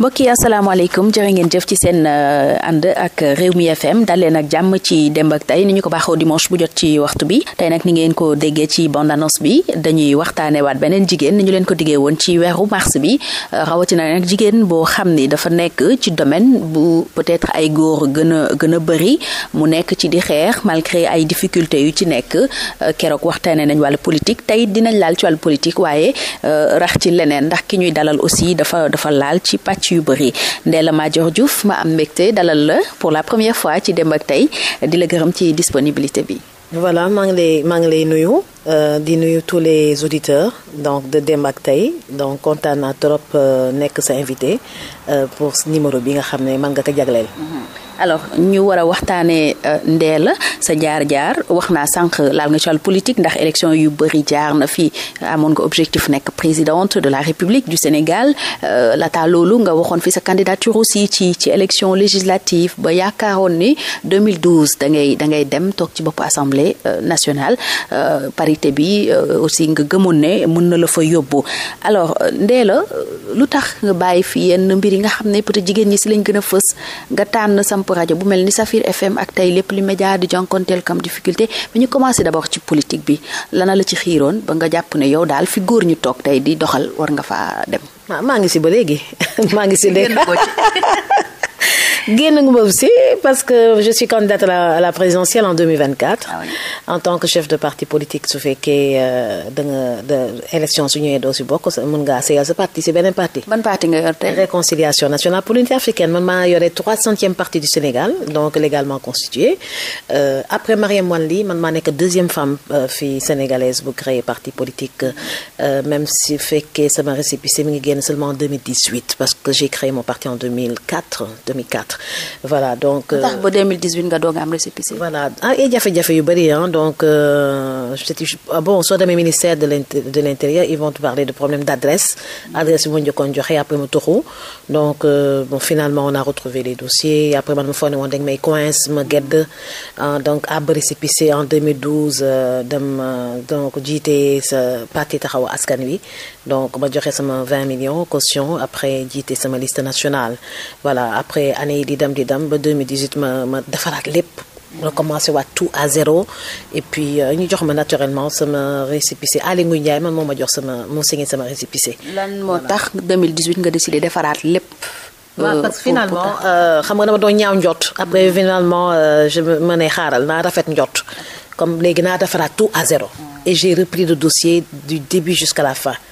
mbokk yi asalaamaaleykum jërë ngeen jëf ci seen euh, ànd ak réew mi FM dal leen ak jàmm ci Demb ak Tay ni ñu ko baaxoo dimanche bu jot ci waxtu bi tey nag ni ngeen ko déggee ci bande annonce bi dañuy waxtaanee waat beneen jigéen ni ñu leen ko diggee woon ci weeru mars bi euh, rawatina nag jigéen boo xam ni dafa nekk ci domaine bu peut-être ay góor gën a gën a bëri mu nekk ci di xeex malgré ay difficultés yu ci nekk euh, keroog waxtaanee nañ wàllu politique tey dinañ laal ci wàllu politique waaye rax ci leneen ndax ki ñuy dalal aussi dafa dafa laal ci pàcc tâche yu bëri Ndella Madior Diouf ma am mbégte dalal la pour la première fois ci dem ak Tay di la gërëm ci disponibilité bi voilà maa ngi lay maa ngi lay nuyu euh, di nuyu tous les auditeurs donc de Demb ak Tay donc kontaan naa trop euh, nekk sa invité euh, pour numéro bi nga xam ne mën nga ko jagleel mm-hmm. alors ñu war a waxtaanee euh, Ndella sa jaar-jaar wax naa sànq laal nga ci politique ndax élection yu bëri jaar na fi amoon nga objectif nekk présidente de la République du Sénégal euh, laata loolu nga waxoon fi sa candidature aussi ci ci élection législative ba yaakaaroon ni 2012 da ngay da ngay dem toog ci bopp assemblée euh, nationale parité bi aussi nga gëmoon ne mën na la fa yóbbu alors Ndella lu tax nga bàyyi fi yenn mbir yi nga xam ne peut jigéen ñi si lañ gën fës nga tànn samp rajo bu mel ni Safir FM ak tey lépp li média di jonkonteel comme difficulté mais ñu commencé d'abord ci politique bi lana la ci xiiroon ba nga jàpp ne yow daal fi góor ñu toog tey di doxal war nga faa dem. Ah, maa ngi si ba léegi maa ngi si léegi génn nga boobu si parce que je suis candidate à la, à la présidentielle en 2024 ah oui. de parti politique su fekkee euh, da nga su ñëwee doo bokk mën ngaa seeyal parti si beneen parti. man maa yore trois centième parti du Sénégal donc légalement constitué euh, après Mariam man maa nekk deuxième femme euh, fii sénégalaise bu créer parti politique euh, même si que j'ai créé mon voilà donc. tax euh, ba 2018 nga doog am récépissé. voilà ah ay jafe-jafe yu bëri euh, ah donc bon soo demee ministère de de l'intérieur ils vont te parler de problème d'adresse adresse bi ma njëkkoon joxe après mu tuxu donc euh, bon finalement on a retrouvé les dossiers après man ma foog ne woon dañ may coince ma gedd donc ab récépissé en 2012 dem donc jiite sa parti taxawu askan wi. donc ma joxe sama 20 millions caution après jiite sama liste nationale voilà après année yi di dem di dem ba 2018 ma ma defaraat lépp. recommencé waat tout à zéro et euh, ñu jox ma naturellement sama récépissé Aly Ngouille Ndiaye man moo ma jox sama moo signé sama récépissé. lan moo tax 2018 nga décidé defaraat lépp. Euh, waaw parce que euh, xam nga dama doon ñaaw njot après finalement je me ne xaaral naa rafet njot comme léegi naa defaraat tout à zéro et j'ai repris le dossier du début jusqu'à la fin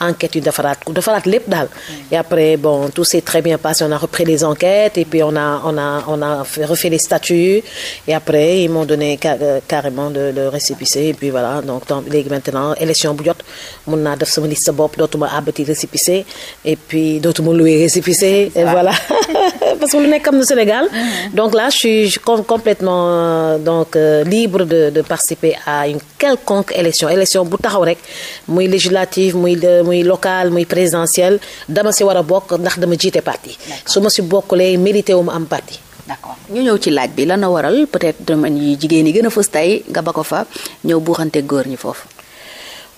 enquête yu defaraat ku defaraat lépp daal. et après bon tout s'est très bien passé on a repris les enquêtes et puis on a on a on a refait les statuts et après ils m'ont donné euh, carrément le le récépissé et puis voilà donc léegi maintenant élection bu jot mun naa def sama liste bopp dootuma àbbati récépissé et puis dootuma loué récépissé. et voilà parce que lu nekk am na Sénégal. Mm-hmm. donc là je suis complètement euh, donc euh, libre de de participer à une quelconque élection élection bu taxaw rek muy législative muy muy local muy présidentiel dama si war a bokk ndax dama jiite parti su ma si bokkulee mérité wu ma am parti d'accord ñu ñëw ci laaj bi lan a waral peut-être domaine yi jigéen yi gën a fës tey nga ba ko fa ñëw buuxante góor ñi foofu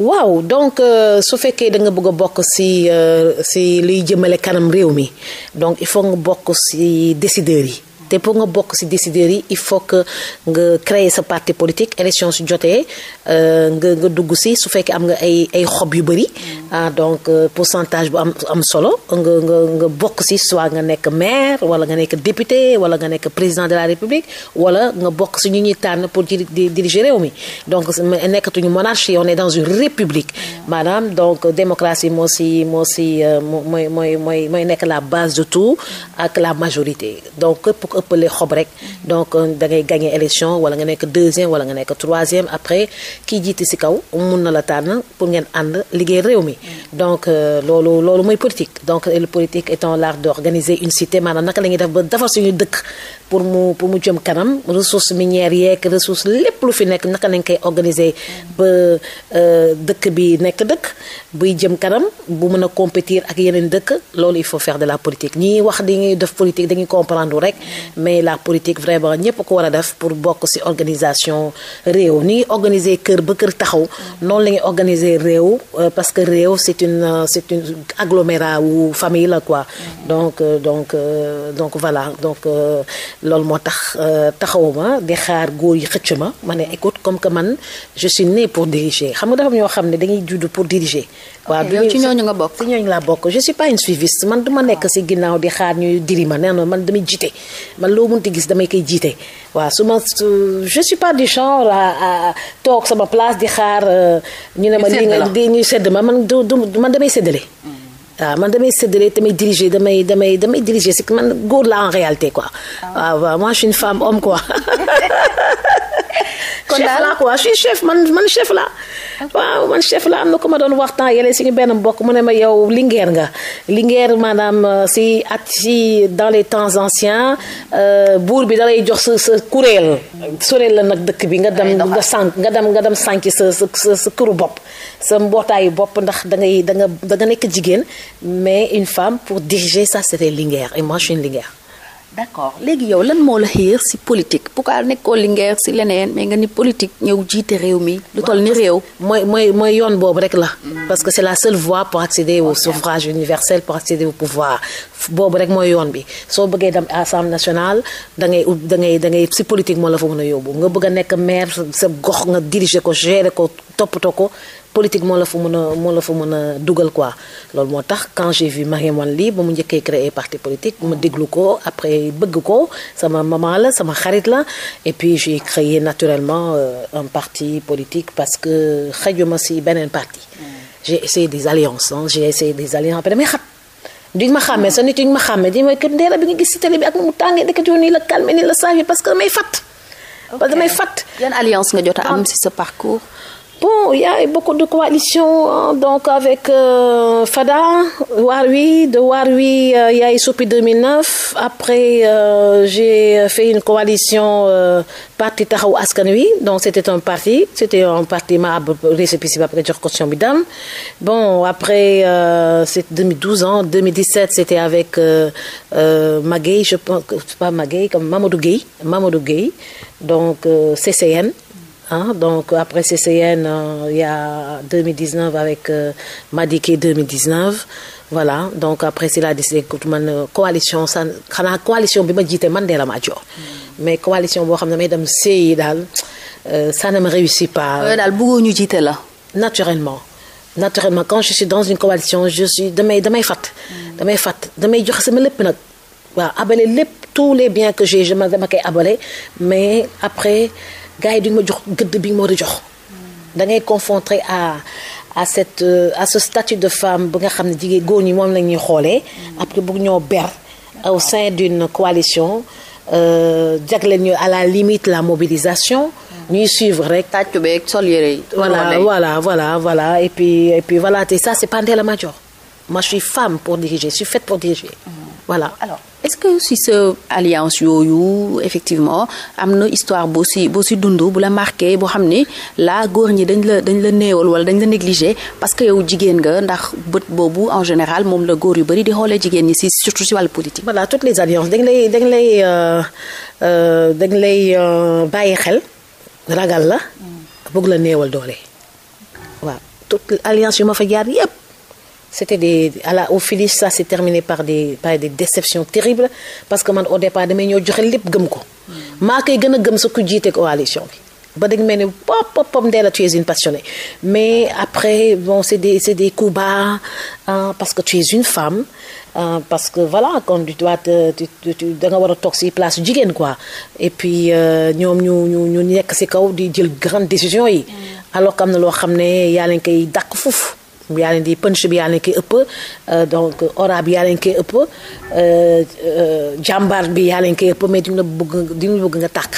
waaw donc euh, su fekkee da nga bëgg a bokk si euh, si luy jëmmale kanam réew mi donc il faut nga bokk si décideurs yi te pour nga bokk si décideurs yi il faut que nga créer sa parti politique élection su jotee euh, nga nga dugg si su fekkee am nga ay ay xob yu bëri mm. ah donc euh, centage bu am am solo nga nga nga bokk si soit nga nekk maire wala nga nekk député wala nga nekk président de la république wala nga bokk si ñu ñuy tànn pour diriger réew mi donc nekkatuñu monarchie on est dans une république mm. maanaam donc démocratie moo si moo ci euh, mooy mooy mooy mooy nekk la base de tout mm. ak la majorité ëppalee xob rek donc euh, da ngay gagné élection wala nga nekk deuxième wala nga nekk troisième après kii jiite si kaw mun na la tànn pour ngeen ànd liggéey réew mi. donc euh, loolu loolu mooy politique donc le politique étant l'art d'organiser une cité maanaam naka la def ba defar suñu dëkk. pour mu pour mu jëm kanam ressources minières yeeg ressources lépp lu fi nekk naka nañ koy organiser ba euh, dëkk bi nekk dëkk buy jëm kanam bu mën a compétir ak yeneen dëkk loolu il faut faire de la politique ñiy wax dañuy def politique dañuy comprendre rek mais la politique vraiment ñëpp ko war a def pour bokk ci organisation réew ni ngi organiser kër ba kër taxaw noonu la ñuy réew euh, parce que réew c' est une c' est une agglomérat wu famille la quoi euh, loolu moo tax euh, taxawuma di xaar góor yi xëcc ma ma ne écoute comme que man je suis née pour diriger xam nga dafa am ñoo xam ne dangay judd pour diriger. waaw du ci ñooñu nga bokk. ci ñooñu laa bokk je suis pas une suiviste man du nekk si ginnaaw di xaar ñuy diri ma nee na man damay jiite man loo mun mënti gis damay koy jiite. waa su ma je suis pas du genre à toog sama place di xaar. Euh, ñu ne ma li nga ñuy sedd ma man du man damay séddale. Mm. waaw euh, man damay séddale damay diriger damay damay damay diriger c'est que man góor la en réalité quoi waaw ah. ah, waaw moi je suis une femme homme quoi kon daal chef la quoi je chef man man chef la. man chef am na ku ma doon waxtaan yële suñu benn mbokk mu ne ma yow lingeer nga lingeer maanaam euh, si at si dans les temps anciens euh, buur bi da jox sa sa kuréel. soreel la nag dëkk bi nga dem nga sànq nga dem nga dem sànq sa sa sa këru bopp sa mbootaayu bopp ndax da ngay da nga da nga nekk jigéen mais une femme pour diriger sa c'était lingeer et moi je suis une lingeer. d'accord léegi yow lan moo la xiir si politique bu ko nekkoo Linguère si leneen mais nga ni politique ñëw jiite réew mi. lu toll ni réew. mooy mooy mooy yoon boobu rek la. parce que c'est la seule voie pour accéder au suffrage universel pour accéder au pouvoir boobu rek mooy yoon bi soo bëggee dem assemblée nationale da dangay da ngay da ngay si politique moo la fa mën a yóbbu nga bëgg a nekk maire sa gox nga diriger ko gérer ko toppatoo ko. politique moo la fa mën a moo la mën dugal quoi loolu moo tax quand j'ai vu Mariam Wane lii ba mu njëkkee créer parti politique ma déglu ko après bëgg ko sama maman la sama xarit la et puis j'ai créé naturellement euh, un parti politique parce que xajuma si beneen parti mm. j'ai essayé des alliances j'ai essayé des alliances après damay xat duñ ma xàmmee sa nit yi ñu ma xàmmee di ma kër gis si télé bi nii la calmé parce que may fàtt parce que damay alliance nga jot a am si sa parcours bon il y donc avec euh, Fada Warwi de Warwi euh, il y a eu Sopi 2009 après euh, j'ai fait une coalition euh, parti Taxawu Askan Wi donc c'était un parti c'était un parti ma récépissé bi après jox caution bi dam bon après euh, c'est 2012 hein 2017 c'était avec Magueye je pense pas Magueye comme Mamadou Gueye Mamadou Gueye donc CCN Hein, donc après CCN, euh, il y a 2019 avec euh, Madiké 2019. voilà donc après si laa man coalition san xanaa coalition bi ma jiite man de la ma jox mm. mais coalition boo xam ne damay dem seeyi daal euh, ça ne me réussit pas. ñu jiite la. naturellement naturellement quand je suis dans une coalition je suis damay damay fàtt. Mm. damay fàtt damay joxe sama nag abale lépp tous les biens que je ma dama abale mais après. gars yi duñ ma jox gëdd bi moo ma war a jox da ngay confronté à à cette euh, à ce statut de femme bi nga xam ne jigéen góor ñi moom la ñuy xoolee après bugg ñoo ber au sein d'une coalition euh, jagleel ñu à la limite la mobilisation ñuy suivre rek. tàccu beeg sol yére yi. voilà voilà voilà voilà et puis et puis voilà te ça c'est pas Ndella Madior Moi, je suis femme pour diriger, mhm. voilà alors est-ce que si sa alliance yooyu effectivement am na histoire boo si boo si dund bu la marqué boo xam ni laa góor ñi dañ la dañ la néewal wala dañ la négligé parce que yow jigéen nga ndax bët boobu en général moom la góor yu bari di xoolee jigéen ñi si surtout si wàllu politique. voilà toutes les alliances dañ lay dañ lay euh, euh, dañ lay euh, bàyyi xel ragal la mhm. bëgg la néewal doole waaw toutes alliance yu ma fa jaar yépp c'était des à la au finish ça s'est terminé par des par des déceptions terribles parce que man au départ damay ñoo joxe lépp gëm ko. maa koy gën a gëm sa ku jiite coalition bi. ba dañu mel ne pop pop pop Ndella tu es mais après bon c'est des c'est des coups bas hein, parce que tu es une femme parce que voilà quand tu dois te tu nga war a toog ci place jigéen quoi et puis euh, ñoom ñu ñu ñu nekk si kaw di jël grande décision yi. Mm. alors que am na loo xam ne yaa leen koy dàq foofu. mbiyaani ndi punch mbiyaani ki ëpp euh, donc ora mbiyaani ki ëpp euh, euh, jàmbaar mbiyaani ki ëpp mais duñu bëgg hmm. duñu bëgg nga tàkk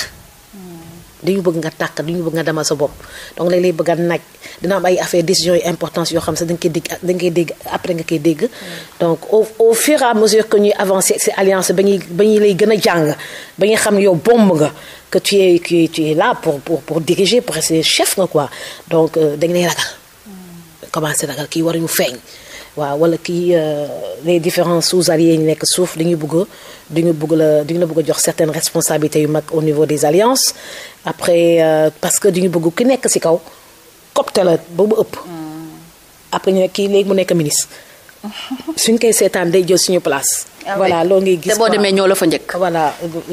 duñu bëgg nga tàkk ñu bëgg nga demal sa bopp donc léeg lay bëgg a naaj dina am ay affaire décisions yu importance yoo xam sax da nga koy dégg da nga après nga koy dégg hmm. donc au au fur et à que ñuy avancer ces alliances ba ñu ba ñuy lay gën a jàng ba ñuy xam yow bomb nga que tu es que tu es là pour pour pour diriger pour chef nga quoi donc dañ lay ragal commencé ragal kii ñu feeñ waaw wala kii euh, les différents sous-alliés ñu nekk suuf di dañuy bugg di ñu bugg la dañu la bugg a jox certaines responsabilités yu mag au niveau des alliances après euh, parce que dañu bugg ki nekk ci kaw copte la ba mu ëpp hmm. après ñu kii léegi mu nekk ministre suñ koy seetaan day jël suñu place Ah voilà loo ngi gis te demee ñoo la fa njëkk. voilà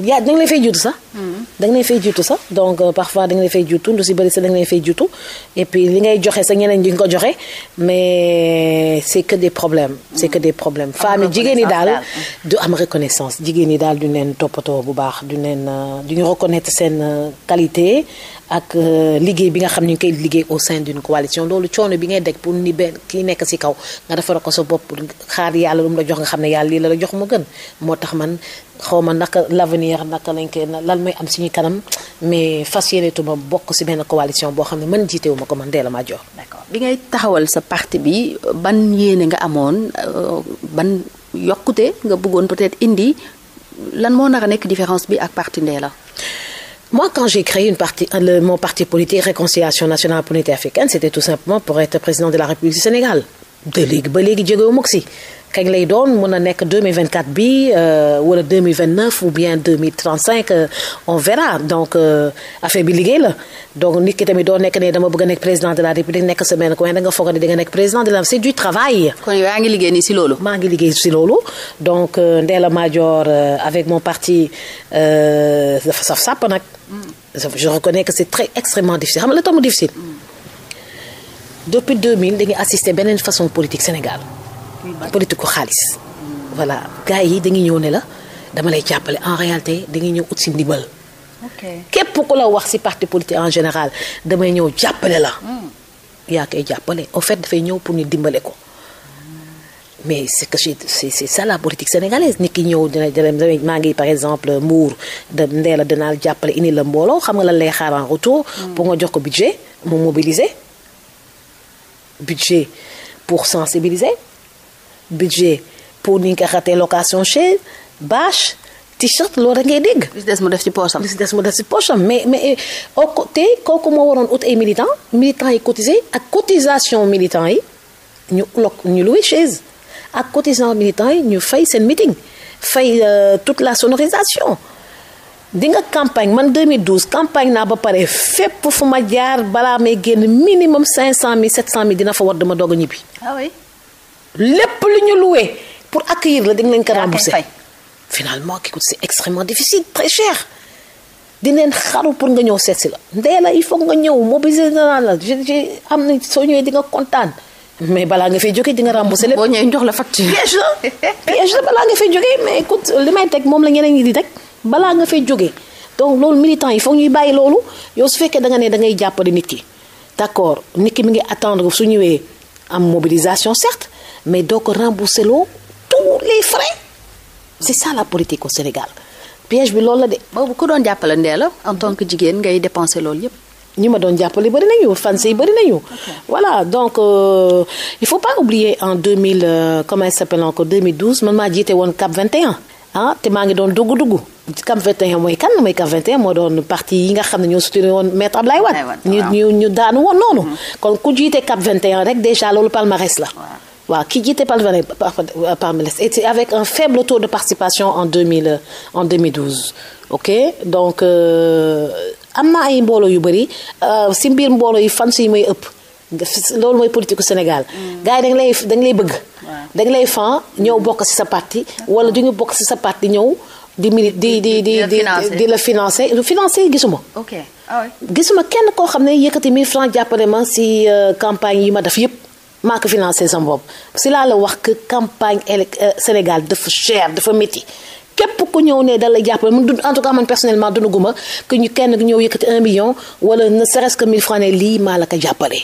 yaa da nga lay fay jiitu mm-hmm. euh, sax. da nga lay fay jiitu sax donc parfois da nga lay fay jiitu lu si bëri sax da nga lay fay jiitu et puis li ngay joxe sax ñeneen di nga ko joxe mais c' est que des problèmes. c' est que des problèmes femmes yi jigéen ñi daal du am reconnaissance jigéen ñi daal duñ leen toppatoo bu baax du leen euh, duñu seen euh, qualité ak liggéey bi nga xam ne ñu koy liggéey au sein d' une coalition loolu coono bi ngay daj pour ni benn kii nekk si kaw nga defar ko mu gën moo tax man xaw ma naka l'avenir naka lañ koy lan mooy am suñu kanam mais fas yéenetuma bokk si benn coalition boo xam ne man jiitewu ma ko man Ndella Madior. d'accord bi ngay taxawal sa parti bi ban yéene nga amoon euh, ban yokkute nga bëggoon peut indi lan moo nar a nekk différence bi ak parti la Moi, quand j'ai créé une partie, le, mon parti politique Réconciliation nationale pour l'unité africaine, c'était tout simplement pour être président de la République du Sénégal. de léegi ba kañ lay doon mën a nekk 2024 bi euh, wala 2029 ou bien 2035 euh, on verra donc euh, affaire bi liggéey la donc nit ki tamit doo nekk ne dama bëgg a nekk président de la république nekk semaine coin da nga foog ne da nga nekk président de la c'est du travail. kon yow yaa ngi liggéey nii si loolu. maa ngi si loolu donc Ndella Madior avec mon parti dafa saf sàpp nag. Mm. je reconnais que c'est très extrêmement difficile xam la tax difficile. Mm. depuis 2000 dañuy assister beneen façon politique Sénégal. politique ko xaalis. voilà gars yi dañuy ñëw ne la dama lay jàppale en réalité dañuy ñëw ut si ndimbal. képp ku la wax si parti politique en général damay ñëw jàppale la. Hmm. yaa koy jàppale au fait dafay ñëw pour ñu dimbale ko. mais c'est que c'est c'est ça la politique sénégalaise nit ki ñëw dina dina maa ngi par exemple Mbour de ndee la dinaa jàppale indi la mbooloo xam nga lan lay xaar en retour. Hmm. pour nga jox ko budget mu mobiliser budget pour sensibiliser. budget pour ni nga location chaise bâche t-shirt loolu rek ngay dégg. li si mu def ci poosam. li si des mu def ci poosam mais mais au côté kooku moo waroon ut ay militants militants yi cotisé ak cotisation militants yi ñu lok ñu loué chaise ak cotisation militants yi ñu fay seen meeting fay euh, toute la sonorisation. di nga campagne man 2012 campagne naa ba pare fépp fu ma jaar balaa may génn minimum 500000 700000 dina fa war dama doog a ñibbi. ah oui. lépp lu ñu loué pour accueillir la dañ leen ko remboursé finalement ki coûte c'est extrêmement difficile très cher di leen xaru pour nga ñëw seet si la ndee la il faut nga ñëw mobiliser naa la je je am na soo ñëwee di nga kontaan mais balaa nga fay jógee di nga remboursé lépp boo ñëwee ñu jox la facture piège la piège la balaa nga fay jógee mais écoute li may teg moom la ñeneen ñi di rek balaa nga fay jóge donc loolu militant yi foog ñuy bàyyi loolu yow su fekkee danga ne da ngay jàppale nit ki d'accord nit ki mi ngi attendre su ñëwee am mobilisation certes mais doo ko rembourser loo tous les frais c'est ça la politique bi loolu la de. boobu ku doon jàppale la en tant jigéen ngay dépenser loolu yépp ñi ma doon jàppale bëri nañu fans yi bëri nañu. voilà donc euh, il faut pas oublier en 2000 euh, comment il s'appelle man maa jiite woon CAP 21. ah te maa ngi doon dugg-dugg. CAP 21 mooy kan mooy CAP moo doon parti yi nga xam ne ñoo soutenir woon maître Ablaye Wade. ñu ñu ñu daanu woon noonu. Mm-hmm. kon ku jiite CAP 21 rek déjà loolu palmarès la. waaw ki jiite Palmarin Palmarès était avec un faible taux de participation en 2000 en 2012 ok donc euh, am na ay mbooloo yu bëri euh, si mbir mbooloo yi fan si muy ëpp loolu mooy politique Sénégal. Mm. gars yi dañ lay bëgg. dañ lay fan ñëw bokk si sa parti. wala du ñu bokk si sa parti ñëw. di mili di di di di di la financé lu financé gisuma. ok ah gisuma kenn koo xam ne yëkkati 1000 francs jàppale ma si euh, campagne yi ma def yëpp. maa ko financé sama bopp si laa la wax que campagne euh, Sénégal dafa cher dafa métti képp ku ñëw ne da lay jàppale mun dund en tout cas man personnellement dund guma que ñu kenn ñëw yëkkati un million wala ne serait-ce que mille francs ne lii maa la ko jàppale.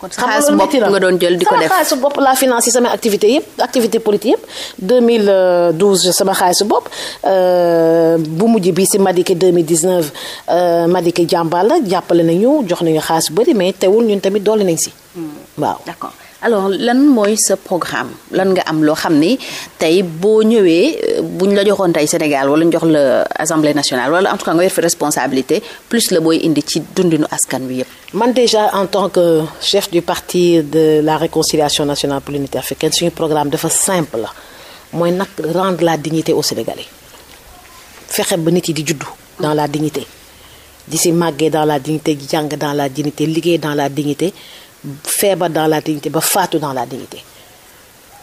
kon sa xaalis bopp nga doon jël di ko def sama xaalis bopp laa financé sama activité yëpp activité politique yëpp 2012 sama xaalis bopp euh, bu mujj bi si Madické 2019 euh, Madické jàmbaar la jàppale nañu jox nañu xaalis bu bëri mais teewul ñun tamit doole nañ si hmm. waaw d'accord alors lan mooy sa programme lan nga am loo xam ni tey boo ñëwee euh, ñu la joxoon tey Sénégal wala ñu jox la assemblée nationale wala en tout cas nga yor la booy indi ci dundinu askan wi yépp man déjà en tant que chef du parti de la réconciliation nationale pour l'unité africaine suñu programme dafa simple la mooy nag rendre la dignité aux Sénégalais fexe ba nit yi di juddu dans la dignité di si màggee dans la dignité jàng dans la dignité liggéey dans la dignité feebar dans la dignité ba faatu dans la dignité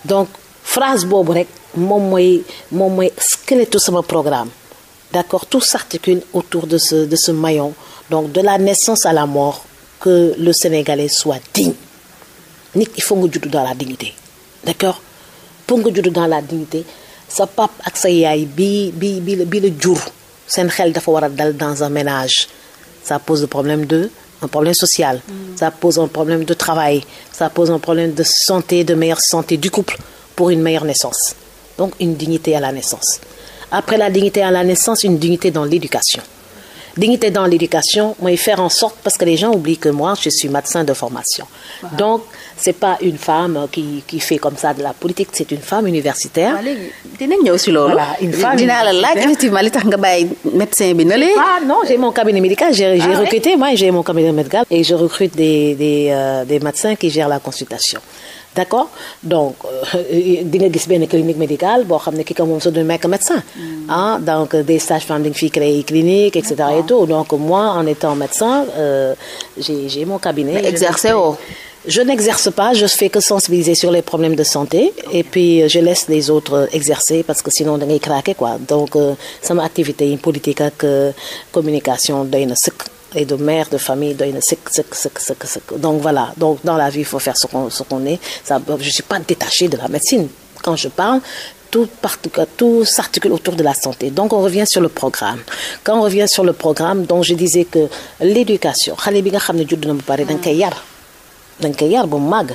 donc phrase boobu rek moom mooy moom mooy squelettu sama programme d'accord tout s'articule autour de ce de ce maillon donc de la naissance à la mort que le Sénégalais soit digne nit il faut nga juddu dans la dignité d'accord pour nga juddu dans la dignité sa pap ak sa yaay bi bi bi la bi jur seen xel dafa war a dal dans un ménage ça pose le problème de un problème social, mmh. ça pose un problème de travail, ça pose un problème de santé, de meilleure santé du couple pour une meilleure naissance. Donc une dignité à la naissance. Après la dignité à la naissance, une dignité dans l'éducation. dignité dans l'éducation mooy faire en sorte parce que les gens oublient que moi je suis médecin de formation donc c'est pas une femme qui qui fait comme ça de la politique c'est une femme universitaire. waaw dinañ ñëw si loolu. voilà une femme dinaa la laaj effectivement li tax nga bàyyi médecin bi na lee. ah non j'ai mon cabinet médical j'ai j'ai ah recruté mon cabinet médical. et je recrute des euh, qui gèrent la consultation. d' accord donc euh, di nga gis benn clinique médicale boo xam ne ki ko moom sa du nekk médecin mm. ah donc des sages-femmes dañu fi créé clinique et cetera et tout donc moi en étant médecin euh, je n'exerce pas je que sensibiliser les problèmes de santé et puis euh, je laisse les autres euh, exercer parce que sinon da ngay craquer sama activité yi politique ak communication doy na sëkk et de mère de famille doy na sëkk sëkk sëkk sëkk sëkk donc voilà donc dans la vie il faut faire ce qu'on ce qu'on est ça je suis pas détachée de la médecine quand je parle tout tout s'articule autour de la santé donc on revient sur le programme quand on revient sur le programme donc je disais que l'éducation xale bi nga xam ne judd na ba pare da nga koy yar da nga koy yar ba mu màgg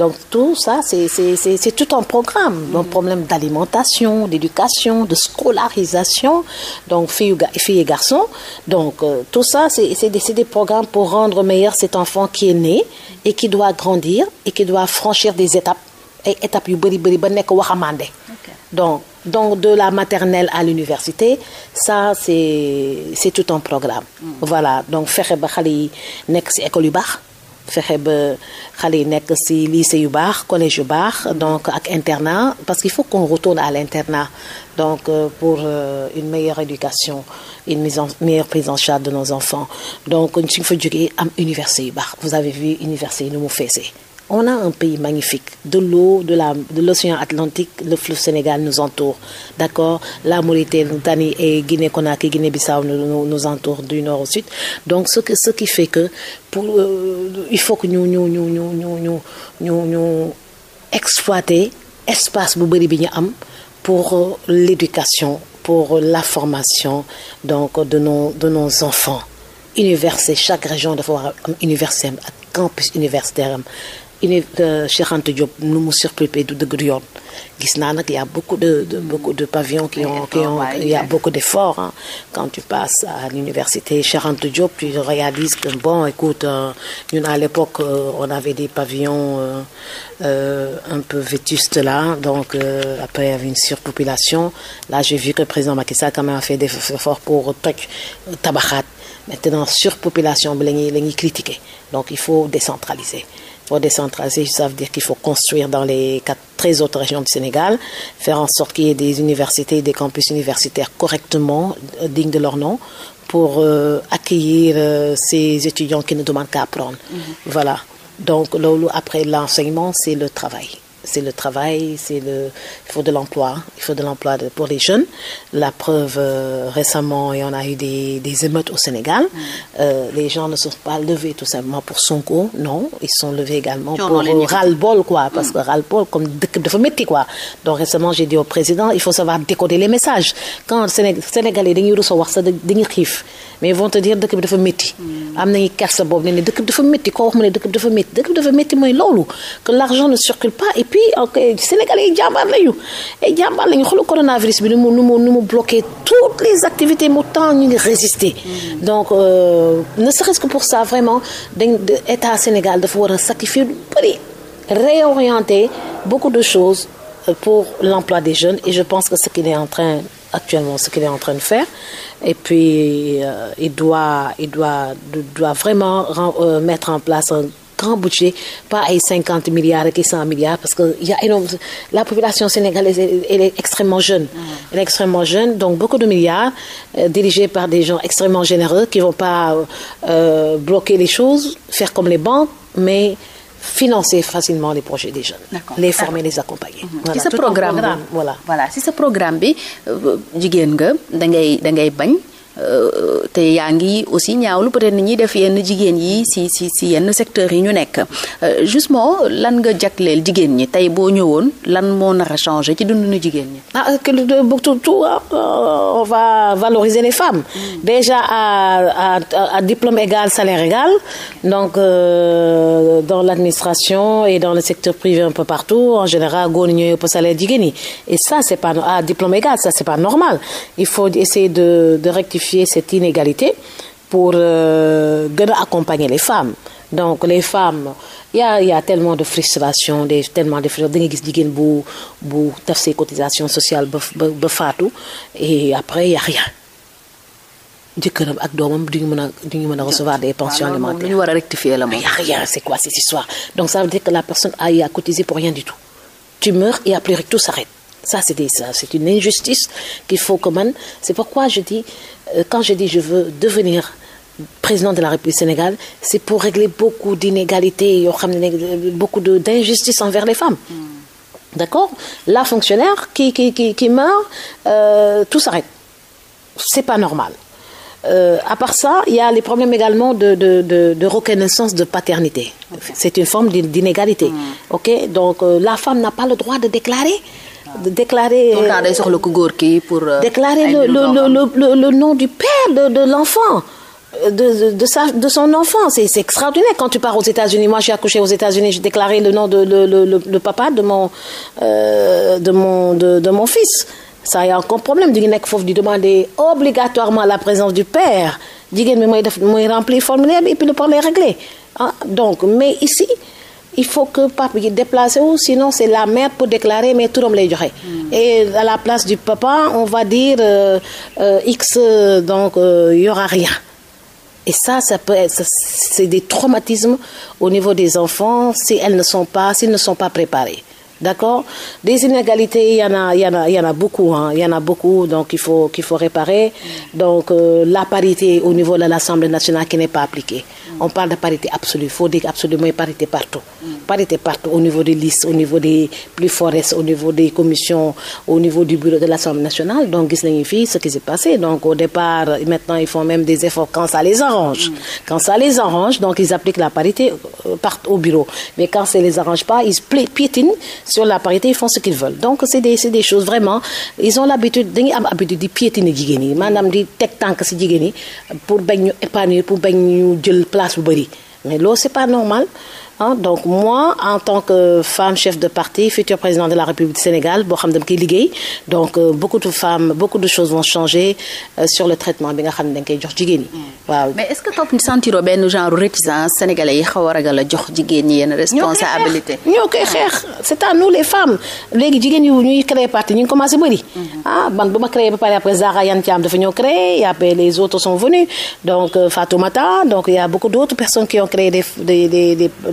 donc tout ça c'est c'est c'est c'est tout un programme donc problème d'alimentation d'éducation de scolarisation donc filles filles et garçons donc euh, tout ça c'est c'est des c'est des programmes pour rendre meilleur cet enfant qui est né et qui doit grandir et qui doit franchir des étapes ay étapes yu bëri bëri ba nekk waxamande donc donc de la maternelle à l'université ça c'est c'est tout un programme mm. voilà donc fexe ba xale yi nekk ci école yu baax fexe ba xale yi nekk si lycée yu baax collège yu baax donc ak internat parce qu'il faut qu'on retourne à l'internat donc euh, pour euh, une meilleure éducation une mise en meilleure prise en charge de nos enfants donc suñu fa jógee am université yu baax vous avez vu université yi nu mu feesee On a un pays magnifique, de l'eau, de la, de l'océan Atlantique, le fleuve Sénégal nous entoure, d'accord? La Mauritanie et Guinée-Conakry, Guinée-Bissau nous, nous, nous entourent du nord au sud. Donc ce que, ce qui fait que pour euh, il faut que ñu ñu ñu ñu ñu ñu ñu exploiter espace bu bëri bi ñu am pour euh, l'éducation, pour euh, la formation donc de nos de nos enfants. Université, chaque région dafa war am université am ak campus universitaire am. uni euh, Cheikh Anta Diop nu mu surpeuplé du dëgg du gis naa nag y' a beaucoup de, de beaucoup de pavillons qui ont qui ont a beaucoup d' efforts hein. quand tu passes à l'université Cheikh Anta tu réalises que bon écoute ñun euh, à l'époque euh, on avait des pavillons euh, euh, un là donc euh, après il y avait une surpopulation là j'ai vu que le président Macky Sall quand même a fait des efforts pour toj tabaxaat maintenant surpopulation bi la ñuy la ñuy critiquer donc il faut décentraliser faut décentraliser, ça veut dire qu'il faut construire dans les autres régions du Sénégal, faire en sorte qu'il y ait des campus universitaires correctement, euh, dignes de leur nom, pour euh, accueillir euh, ces étudiants qui ne demandent qu'à apprendre. Mm-hmm. Voilà. après l'enseignement, c'est le travail. c'est le travail, c'est le, il faut de l'emploi, il faut de l'emploi pour les jeunes. La preuve, euh, récemment, il y a eu des, émeutes au Sénégal. Mm. Euh, les gens ne sont pas levés tout simplement pour Sonko, non, ils sont levés également pour ras bol quoi, mm. parce que ras bol comme de quoi. Donc récemment, j'ai dit au président, il faut savoir décoder les messages. Quand les Sénégalais, ils recevoir ça, ils kiff mais ils vont te dire dëkk bi dafa métti. Mm. am nañu kersa boobu ne d bi dafa métti koo wax mu puis ok sénégalais yi jàmbaar lañu ay jàmbaar lañu xoolal coronavirus bi nu mu nu mu nu mu bloqué toutes les activités mu temps ñu ngi résister. Mm. donc euh, ne serait-ce que pour ça vraiment dañ état Sénégal dafa war a sacrifier lu bëri réorienter beaucoup de choses euh, pour l'emploi des jeunes et je pense que ce qu'il est en train actuellement ce qu'il est en train de faire et puis euh, il doit il doit doit vraiment euh, mettre en place un grand budget pas ay cinquante milliards ak i cent milliards parce que y a énorme la population sénégalaise elle est extrêmement jeune mm. elle est extrêmement jeune donc beaucoup de milliards euh, dirigés par des gens extrêmement généreux qui vont pas euh, bloquer les choses faire comme les banques mais financer facilement les projets des jeunes. les former les accompagner. Mm-hmm. voilà si sa programme voilà. voilà si sa programme bi euh, jigéen nga da ngay da ngay bañ. te yaa ngi aussi ñaawlu peut-être ni ñuy def yenn jigéen yi si si si yenn secteurs yi ñu nekk euh, justement lan nga jagleel jigéen ñi tey boo ñëwoon lan moo nar a changé ci dundu jigéen ñi. ah que tout euh, on va valoriser les femmes. Mm. déjà à à à diplôme égal salaire égal donc euh, dans l'administration et dans le secteur privé un peu partout en général góor ñi ñooy ëpp salaire jigéen ñi et ça c'est pas à diplôme égal normal il faut essayer de rectifier cette inégalité pour euh, gën a accompagner les femmes donc les femmes il ya a il y a tellement de frustration des de frustration da ngay gis jigéen bu bu def ses cotisations sociales ba ba faatu et après y a rien jëkkëram ak doomam duñu mën mën a recevoir des pensions alimentaires. lu ñu rectifier la moom. y rien c'est quoi cette histoire donc ça veut dire que la personne a y a cotisé pour rien du tout tu meurs et après tout s'arrête Ça, c'est des, ça, c'est une injustice qu'il faut que man. C'est pourquoi je dis, euh, quand je dis je veux devenir président de la République sénégale, c'est pour régler beaucoup d'inégalités, beaucoup d'injustices envers les femmes. Mm. D'accord La fonctionnaire qui, qui, qui, qui meurt, euh, tout s'arrête. C'est pas normal. Euh, à part ça, il y a les problèmes également de, de, de, de reconnaissance de paternité. Okay. C'est une forme d'inégalité. Mm. Ok Donc, euh, la femme n'a pas le droit de déclarer déclarer. donc daal day soxla ku góor kii pour. Euh, déclarer le le le le nom du père de de l'enfant de de sa de son enfant c'est c'est extraordinaire quand tu pars aux États-Unis moi j'ai accouché aux États-Unis j'ai déclaré le nom de le le le papa de mon euh, de mon de de mon fils ça y a encore problème di ngi nekk foofu di demander obligatoirement la présence du père jigéen bi mooy def mooy remplir formulaire bi et puis le problème est réglé ah donc mais ici. il faut que papa yi déplacé wu sinon c'est la mère pour déclarer mais turam lay joxe. Hmm. et à la place du papa on va dire euh, euh, x euh, donc euh, y aura rien. et ça ça peut être c'est des traumatismes au niveau des enfants si elles ne sont pas s'ils ne sont pas préparés. D'accord? Des inégalités, il y en a, il y en a, il y en a beaucoup, hein, il y en a beaucoup, donc il faut qu'il faut réparer. Hmm. Donc euh, la parité au niveau de l'Assemblée nationale qui n'est pas appliquée. on parle de parité partout. parité partout au niveau des listes au niveau des plus fortes au niveau des commissions au niveau du bureau de l'Assemblée nationale donc gis nañu ce qui s'est passé donc au départ maintenant ils même des efforts quand ça les arrange. quand ça les arrange donc ils appliquent la parité euh, partout au bureau mais quand ça les arrange pas ils piétinent ce qu'ils veulent donc c'est des choses vraiment ils ont l'habitude dañuy am habitude dépense bu bëri mais loo c'est pas normal ah donc moi en tant que femme chef de parti futur président de la République du Sénégal boo xam dama koy liggéey donc euh, beaucoup de femmes beaucoup de choses vont changer euh, sur le traitement bi nga xam ne dañ koy jox jigéen ñi mm. waaw. mais est-ce que topp sentiroo benn genre ñi yenn responsabilité ñoo les femmes léegi jigéen yu ñuy créer parti ñu ngi commencé bëri. Mm-hmm. ah man bu ma créé ba pare après Zahra Iyane créé y a donc euh, Fatoumata donc il y a beaucoup d'autres personnes qui ont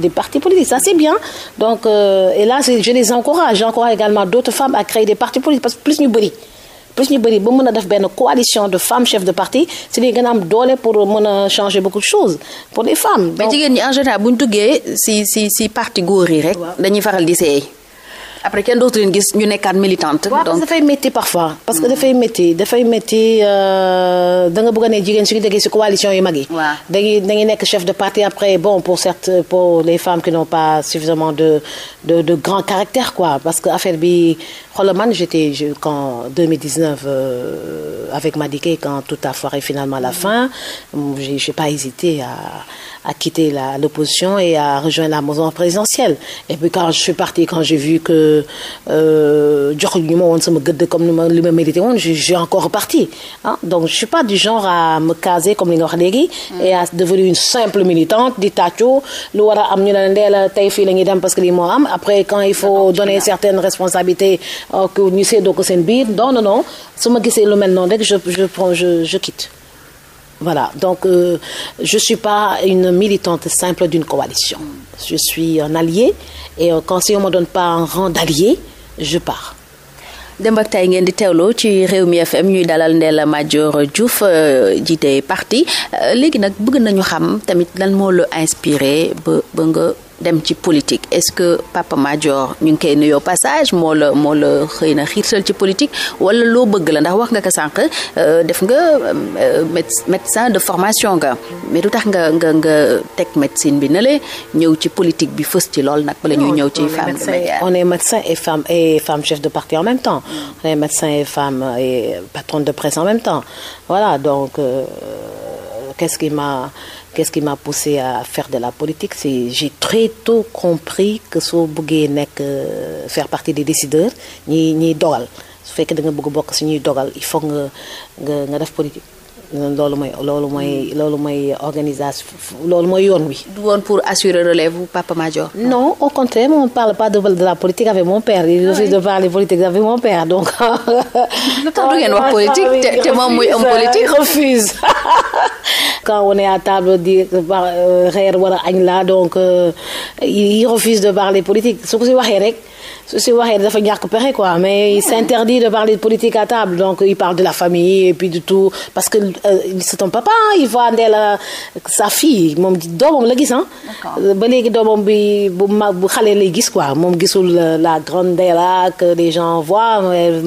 des partis politiques. Ça, c'est bien. Donc, euh, et là, je les encourage. J'encourage également d'autres femmes à créer des partis politiques parce que plus nous brillons. plus ñu bëri ba mën a def benn coalition de femmes chefs de parti si li gën a pour mën a changer beaucoup de choses pour les femmes. donc mais jigéen ñi en général ñu duggee si si si parti góor yi rek. dañuy faral di seey. après kenn dootu leen gis ñu nekkaat militante. donc waaw dafay métti parfois. parce que mm. dafay métti dafay métti euh, da nga bëgg a ne jigéen suñu déggee si coalition yu mag yi. waaw dañuy dañuy nekk chef de parti après bon pour certes pour les femmes qui n'ont pas suffisamment de de de grand caractère quoi parce que affaire bi. xoolal man j'étais je quand 2019 euh, avec Madické quand tout a foiré finalement à la fin j'ai j'ai pas hésité à à quitter la l'opposition et à rejoindre la maison présidentielle et puis quand je suis partie quand j'ai vu que euh, jox ñu ma woon sama gëdd comme li ma mérité woon j'ai encore parti ah donc je suis pas du genre à me caser comme li nga wax léegi et à devenir une simple militante di tàccu lu war a am ñu ne ndee la tey fii la ñuy dem parce que lii moo am après quand il faut donner certaines responsabilités ñu séddoo ko seen biir non non non su ma gisee lu mel noonu rek je je quitte voilà donc euh, je suis pas une militante simple d'une coalition je suis un allié et euh, quand si on me donne pas un rang d'allié je pars Demb ak Tay ngeen di teewloo ci Rewmi FM ñuy dalal Ndella Madior Diouf euh, jiite partie euh, léegi nag bëgg nañu xam tamit lan moo la inspiré dem ci politique est-ce que Papa Madior ñu ngi koy nuyoo passage moo la moo la xëy na xiirtal ci politique wala loo bëgg la ndax wax nga ko sànq euh, def nga euh, médecin de formation nga mais du tax nga nga nga teg médecine bi ne le ñëw ci politique bi fës ci lool nag bala ñu ñëw ci femme on est médecin et femme et femme chef de parti en même temps on est médecin et femme et patronne de presse en même temps voilà donc euh, qu'est-ce qui m'a est ce qui m'a poussé à faire de la politique c'est j'ai très tôt compris que soo bëggee nekk euh, faire partie des décideurs ñi ñiy dogal su fekkee da nga bëgg bokk si ñuy dogal il faut nga nga nga def politique loolu mooy loolu mooy loolu mooy organisation loolu mooy yoon wi. du woon pour assurer relève papa Madior. non au contraire on parle pas de de la politique avec mon père. il ah refuse de parler politique avec mon père donc. lu tax du wax ah politique moom muy homme politique refuse. quand on est à table di euh, reer wala añ la donc euh, il refuse de parler politique su ko si waxee rek. su si waxee dafa ñàkk pexe quoi mais il s'interdit de parler de politique à table donc il parle de la famille et puis de tout parce que c'est ton papa il voit ndee la sa fille moom doomam la gis ah ba léegi doomam bi bu mag bu xale lay gis quoi moom gisul euh, la grande Ndella que les gens voient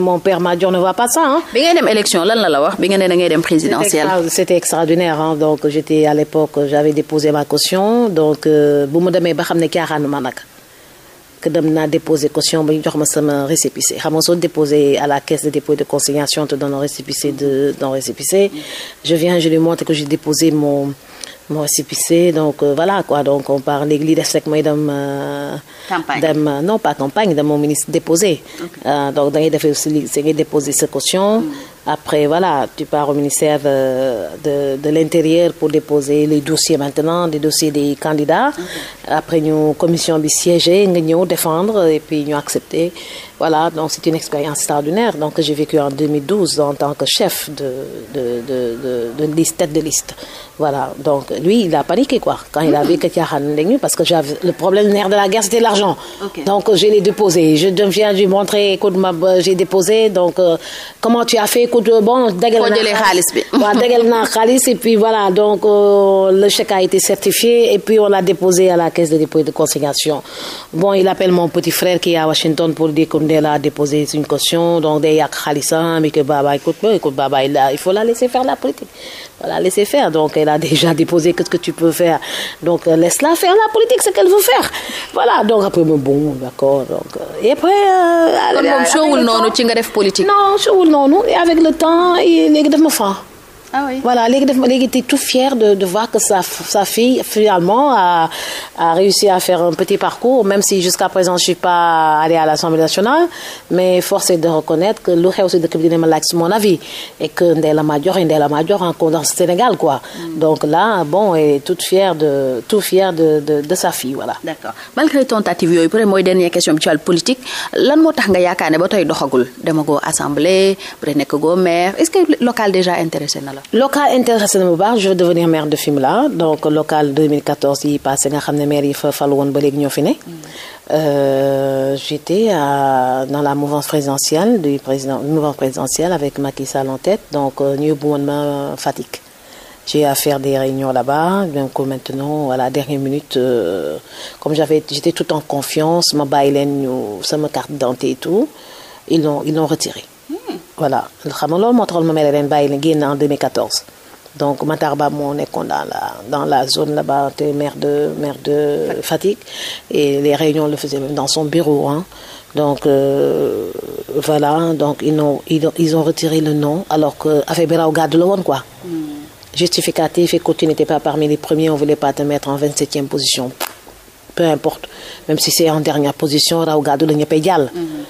mon père Madior ne voit pas ça ah bi ngay dem élection lan la la wax bi nga ne da ngay dem présidentielle c'était extraordinaire hein donc j'étais à l'époque j'avais déposé ma caution donc euh, bu mu demee ba xam ne caaxaanuma nag que dem naa déposé caution ba ñu jox ma sama récépissé xam nga soo déposé à la caisse de dépôt de consignation te donne un de dans récépissé je viens je lui montre que j'ai déposé mon mon donc euh, voilà quoi donc on parle léegi li def rek mooy dem. Euh, euh, ministre déposé. donc da ngay defee aussi li da ngay déposé Après, voilà, tu pars au ministère euh, de, de l'Intérieur pour déposer les dossiers maintenant, des dossiers des candidats. Après, nous, commission bi siéger, nous défendre et puis nous accepter. Voilà, donc c'est une expérience extraordinaire donc, que j'ai vécue en 2012 en tant que chef de, de, de, de, liste, tête de liste. Voilà, donc lui, il a paniqué quoi, quand il a vu que Tiaran parce que j'avais le problème nerf de la guerre, c'était l'argent. Okay. Donc, je l'ai déposé. Je viens lui montrer, écoute, j'ai déposé, donc euh, comment tu as fait écoute bon dajale naa jëlee xaalis et donc euh, le chèque a été certifié et puis on l'a déposé à la caisse de dépôt et de consignation bon il appelle mon petit frère qui est à Washington pour dire qu'on a déposé une caution donc day yàq xaalisam et que baba écoute écoute baba il a il faut la laisser faire la politique ce que tu peux faire donc euh, laisse-la faire la politique ce qu'elle veut faire voilà donc après moom bon d'accord donc euh, et après. le temps léegi daf ma faa. ah voilà léegi daf léegi était tout fier de de voir que sa sa fille finalement a a réussi à faire un petit parcours même si jusqu'à présent je suis pas allée à l'Assemblée nationale mais force est de reconnaître que lu xew si dëkk bi dina ma laaj si mon avis et que Ndella Madior et Ndella Madior en dans Sénégal quoi mm. donc là bon elle est toute fière de tout fière de de de sa fille voilà. d'accord malgré tentative yooyu peut-être mooy dernière question bi ci wàllu politique lan moo tax nga yaakaar ne ba tey doxagul demagoo assemblée bu dee nekk goo maire est-ce local déjà intéressé na la. local intéressé na bu baax je veux devenir maire de Fimela donc local 2014 yi passé nga xam ne maire yi fa fal woon ba léegi ñoo fi ne mm. euh, j'étais dans la mouvance présidentielle du président mouvance présidentielle avec Macky Sall en tête donc euh, ñu yóbbu ma Fatick j'ai affaire faire des réunions là-bas donc maintenant à la dernière minute euh, comme j'avais j'étais tout en confiance ma bàyyi leen ñu sama carte d'identité et tout ils ils l'ont retiré voilà xam nga loolu moo taxoon ma mere leen bàyyi leen génn en 2014 donc Matar Ba moo nekkoon dans la dans la zone là-bas te maire de maire de Fatick et les réunions le faisaient dans son bureau donc euh, voilà donc ils ont ils ont ils ont retiré le nom alors que affaire bi raw gàddu la woon quoi. Hmm. justificatif et que tu n'étais pas parmi les premiers on voulait pas te mettre en 27e position peu importe même si c'est en dernière position ra gàddu la ñëppay jàll. Hmm.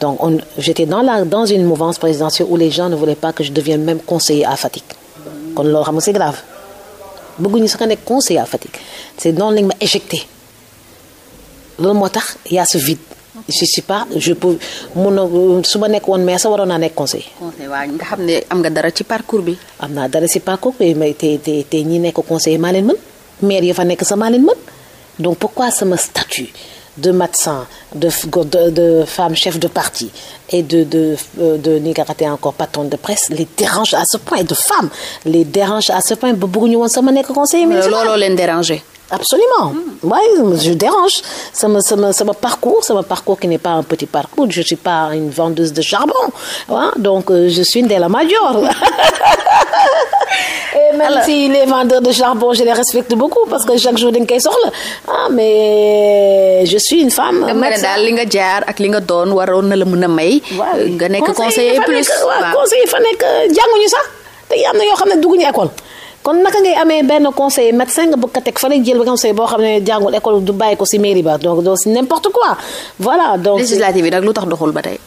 Donc, j'étais dans, la, dans une mouvance présidentielle où les gens ne voulaient pas que je devienne même conseiller à kon loo xam nga c'est grave bëgguñu sax nga nekk conseiller à Fatick. c'est noonu lañ ma éjecté moo tax y a ce vide. je suis su ma nekk woon mais sa waroon naa nekk conseil. conseil waaw nga xam ne am nga dara ci parcours bi. am naa dara ci parcours bi mais te te ñi nekk conseiller maa leen mën maire ya fa nekk sa maa leen mën donc pourquoi sama statut. de médecins, de, de, de, femmes chefs de parti et de, de, euh, de, de encore patron de presse les dérange à ce point, et de femmes les dérange à ce point. conseiller euh, municipal. Absolument. Hmm. Oui, je dérange. C'est mon, parcours, c'est mon parcours qui n'est pas un petit parcours. Je ne pas une vendeuse de charbon. donc, euh, je suis une la Major. et même Alors, si les vendeurs de charbon je les respecte beaucoup parce que chaque jour dañ koy soxla ah mais je suis une femme. médecin li nga jaar ak li nga doon waroon na la mën a may. nga nekk conseiller plus waaw conseiller sax am na yoo xam ne dugguñu école. kon naka ngay amee benn conseiller médecin nga bëgg a teg fa lay jël ba conseil boo xam ne jàngul école du bàyyi ko si mairie ba donc donc c'est n'importe quoi voilà donc législative yi nag lu tax doxul ba tey.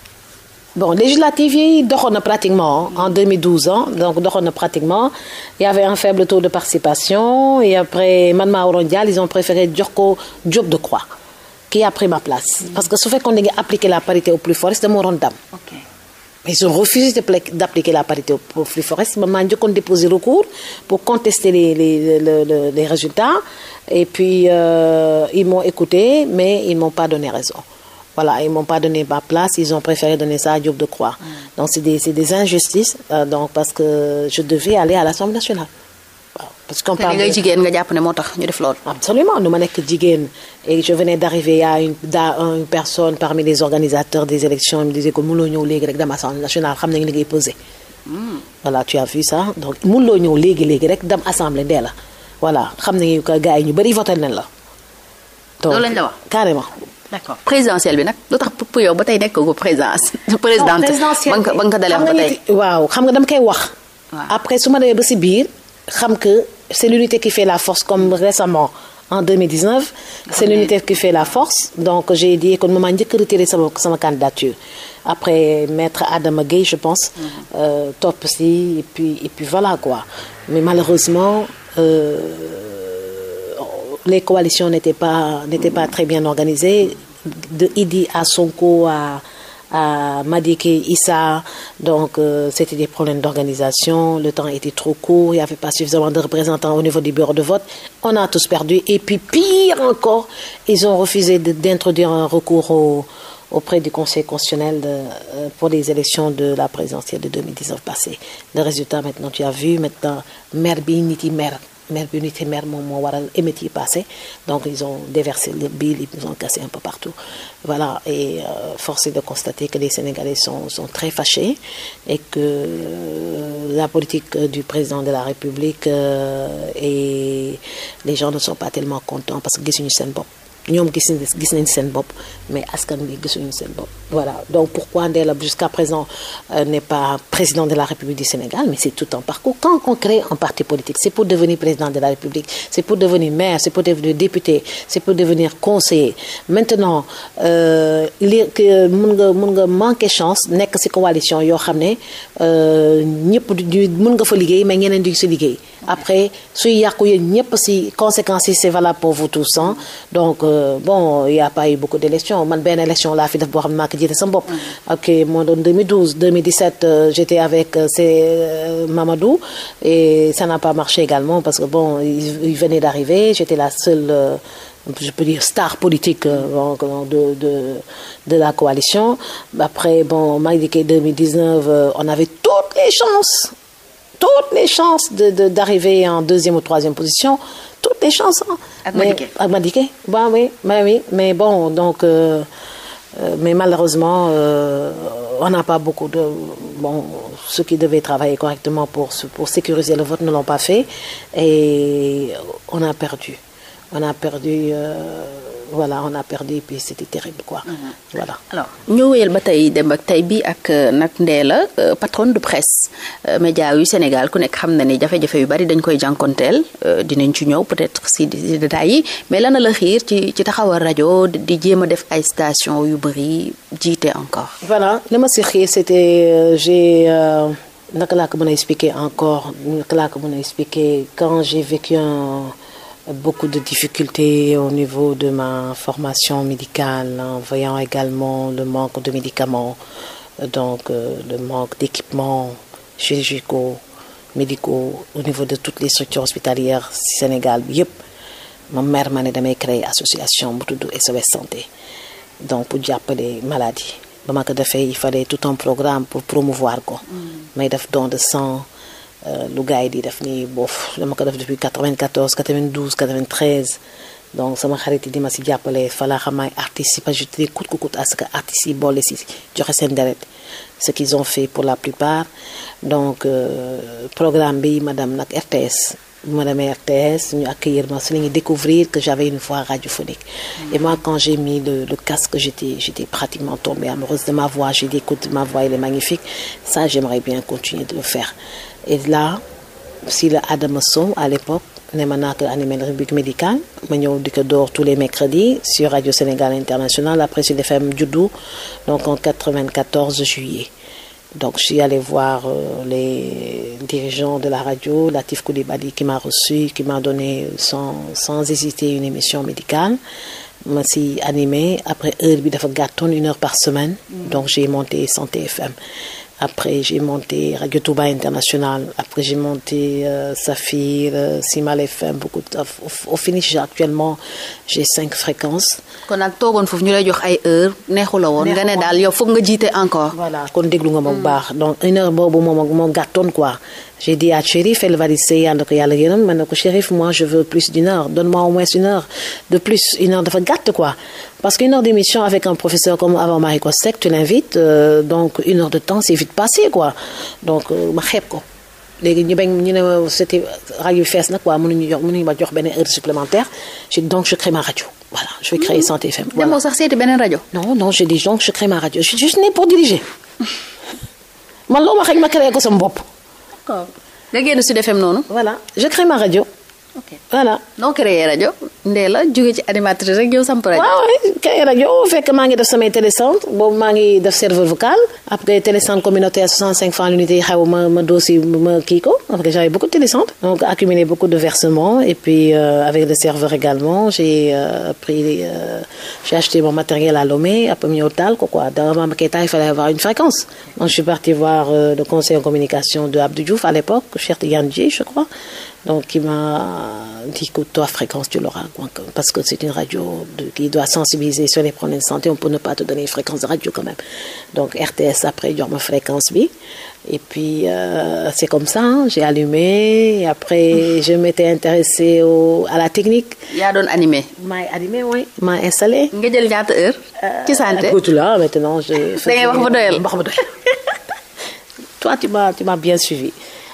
bon législative yi doxoon na pratiquement en 2012 ans donc doxoon na pratiquement il y avait un faible taux de participation et après man maa waroon jàll ils préféré jox ko Diop de Croix qui a pris ma place. Mm. parce que su fekkoon da nga appliquer la parité au plus fort dama waroon dam. ok mais ils parité au plus fort man maa njëkkoon déposer pour contester les les les les résultats et puis euh, ils m'ont écouté mais ils m'ont pas donné raison. voilà, ils m'ont pas donné ma place, ils ont préféré donner ça à Diop de Croix. Mmh. Donc c'est des, des, injustices, euh, donc parce que je devais aller à l'Assemblée nationale. Parce qu'on parle. De... Absolument, nous Et je venais d'arriver à une, à une, personne parmi les organisateurs des élections, il me disait que Moulonio Ligue, l'Assemblée nationale, il est posé. Voilà, tu as vu ça. Donc Moulonio Ligue, l'Assemblée nationale. Voilà, d'accord présidentielle bi nag lu tax pour yow ba tey nekk ko présidence. présidente ba nga ko waaw xam nga dama koy wax. après su ma demee ba si biir xam que c'est l'unité qui fait la force comme récemment en 2019. c'est l'unité qui fait la force donc j'ai dit kon ma njëkk a retiré sama sama candidature. après maître Adama Gueye je pense. Mm-hmm. Euh, topp si et puis et puis voilà quoi mais malheureusement. Euh, les coalitions n'étaient pas, n'étaient pas très bien organisées, de Idi à Sonko à, à Madike, Issa. Donc, euh, c'était des problèmes d'organisation. Le temps était trop court. Il n'y avait pas suffisamment de représentants au niveau du bureau de vote. On a tous perdu. Et puis, pire encore, ils ont refusé d'introduire un recours auprès du Conseil constitutionnel de, euh, pour les élections de la présidentielle de 2019 passée. Le résultat, maintenant, tu as vu, maintenant, Merbi, Niti, maire bi unité maire moom moo waral émeutes yi passé donc ils ont déversé les billes ils ont cassé un peu partout voilà et euh, force est de constater que les Sénégalais sont sont très fâchés et que euh, la politique du président de la République euh, et les gens ne sont pas tellement contents parce que gisuñu seen bopp ñoom gis nañ gis nañ seen bopp mais askan bi gisuñu seen bopp voilà donc pourquoi Ndeye Lab jusqu'à présent euh, n'est pas président de la République du Sénégal mais c'est tout un parcours quand on crée un parti politique c'est pour devenir président de la République c'est pour devenir maire c'est pour devenir député c'est pour devenir conseiller maintenant euh, li euh, mun nga mun nga manquer chance nekk ci coalition yoo xam ne euh, ñëpp du mun nga fa liggéey mais ñeneen duñ ci liggéey après suy yàqu yéen ñëpp si conséquences yi c'est valable pour vous euh, bon y a pas eu beaucoup d'élections man benn élection laa fi def xam ne maa ko jiite sama bopp. Mm. ok moo doon 2012 2017 euh, j'étais avec euh, c'est euh, Mamadou et ça n'a pas marché également parce que bon il, il la seule. je peux dire star de la coalition après bon maa ngi dikkee 2019 euh, on avait toutes les chances de de d'arriver en deuxième ou troisième position toutes les chances ak Madické ak Madické bah oui bah oui mais bon donc euh, euh, mais malheureusement euh, on n'a pas beaucoup de bon ceux qui devaient travailler correctement pour pour sécuriser le vote ne l'ont pas fait et on a perdu on a perdu euh, voilà on a perdu et puis c'était terrible quoi. Mhm. voilà alors ba tey dem ak tey bi ak euh, nag Ndella euh, patronne de presse euh, média yu Sénégal ku nekk xam na ne jafe-jafe yu bari dañ koy jànkonteel dinañ ci ñëw peut-être si si détails yi mais lana la xiir ci ci taxawal rajo di jéem a def ay station yu bari jiite encore. voilà li ma si xiir c'était j'ai naka laa ko mën a expliquer encore naka laa ko mën a expliquer quand j'ai vécu un. beaucoup de difficultés au niveau de ma formation médicale, en voyant également le manque de médicaments, euh, donc euh, le manque d'équipements chirurgicaux, médicaux au niveau de toutes les structures hospitalières Sénégal yëpp ma mère ma ne damay créer association bu tudd SOS santé donc pour jàppale maladie ba ma ko defee il fallait tout un programme pour promouvoir ko. Mm. may def don de sang. Euh, lu gars yi di def nii boof dama ko def depuis 94 92 93 donc sama xarit yi di ma si jàppale falaa xamaay artistes yi parce que je te que coûte à ce que joxe seen deret ce qu'ils ont fait pour la plupart donc euh, programme bi ma dem nag RTS bu ma demee RTS ñu accueillir ma si la ñuy découvrir que j'avais une voix radiophonique et moi quand j'ai mis le, le casque j'étais j'étais pratiquement tombée amoureuse de ma voix j'ai écoute ma voix elle est magnifique ça j'aimerais bien continuer de le faire Et là, si la Adama Sow à l'époque ne ma naa ko animé la ma ñëw di ko door tous les mercredis sur Radio Sénégal International après Sud FM donc en 94 juillet donc je suis euh, les dirigeants de la radio Latif Coulibaly qui m'a reçu qui m'a donné sans sans hésiter une émission bi dafa gàttoon par semaine mm. donc j'ai monté Santé FM Après, j'ai monté Radio Touba International. Après, j'ai monté euh, Saphir, euh, Simal FM, beaucoup de... Au, au finish, actuellement, j'ai cinq fréquences. kon nag toogoon foofu ñu lay jox ay heure neexu la woon. nga daal yow foog nga jiite encore. voilà kon déglu nga ma bu hmm. baax donc une heure boobu moom moo quoi. J'ai dit à Chérif, elle va essayer ànd ko yàlla yéenam ma ne ko Chérif moi je veux plus d'une heure donne-moi au moins une heure de plus une heure dafa gàtt quoi parce qu'une heure d'émission avec un professeur comme Awa Marie Coll tu l'invites euh, donc une heure de temps c'est vite passé quoi donc euh, ma xeeb ko léegi ñu bañ ñu ne ma jox benn heure supplémentaire donc je crée ma radio voilà je vais créer mmh. Santé FM. non je dis donc ma radio je suis juste née pour diriger man loo ma xëy ma créé ko sama d'accord nga génn Sud FM noonu. voilà je crée ma radio. ok voilà. noo créé rajo ndee la jóge ci animatrice rek yow samp rajo. waaw créé fekk maa ngi def samay télécentre boobu maa ngi def serveur vocal après télécentre communautaire 65 francs l'unité yi xaw ma ma dossier ma kii ko après j'avais beaucoup de télécentres donc accumulé beaucoup de versements et puis euh, avec le serveur également j'ai euh, pris euh, acheté mon matériel à Lomé après mu ñëw taal ko quoi dans ma maquette il fallait avoir une fréquence donc je suis partie voir euh, le conseil en communication de Abdou Diouf à donc il m'a dit que toi, fréquence, tu l'auras, parce que c'est une radio de, qui doit sensibiliser sur les problèmes de santé, on peut ne pas te donner une fréquence de radio quand même. y aura ma fréquence, oui. Et puis, euh, c'est comme ça, j'ai allumé, après, je m'étais intéressée à la technique. yaa doon animé. maa animé, oui. maa installé. nga jël ñaata heure. Euh, ci santé euh, là, maintenant, je. da ngay wax ba doyal wax ba doyal. toi, tu m'as, tu m'as bien suivi.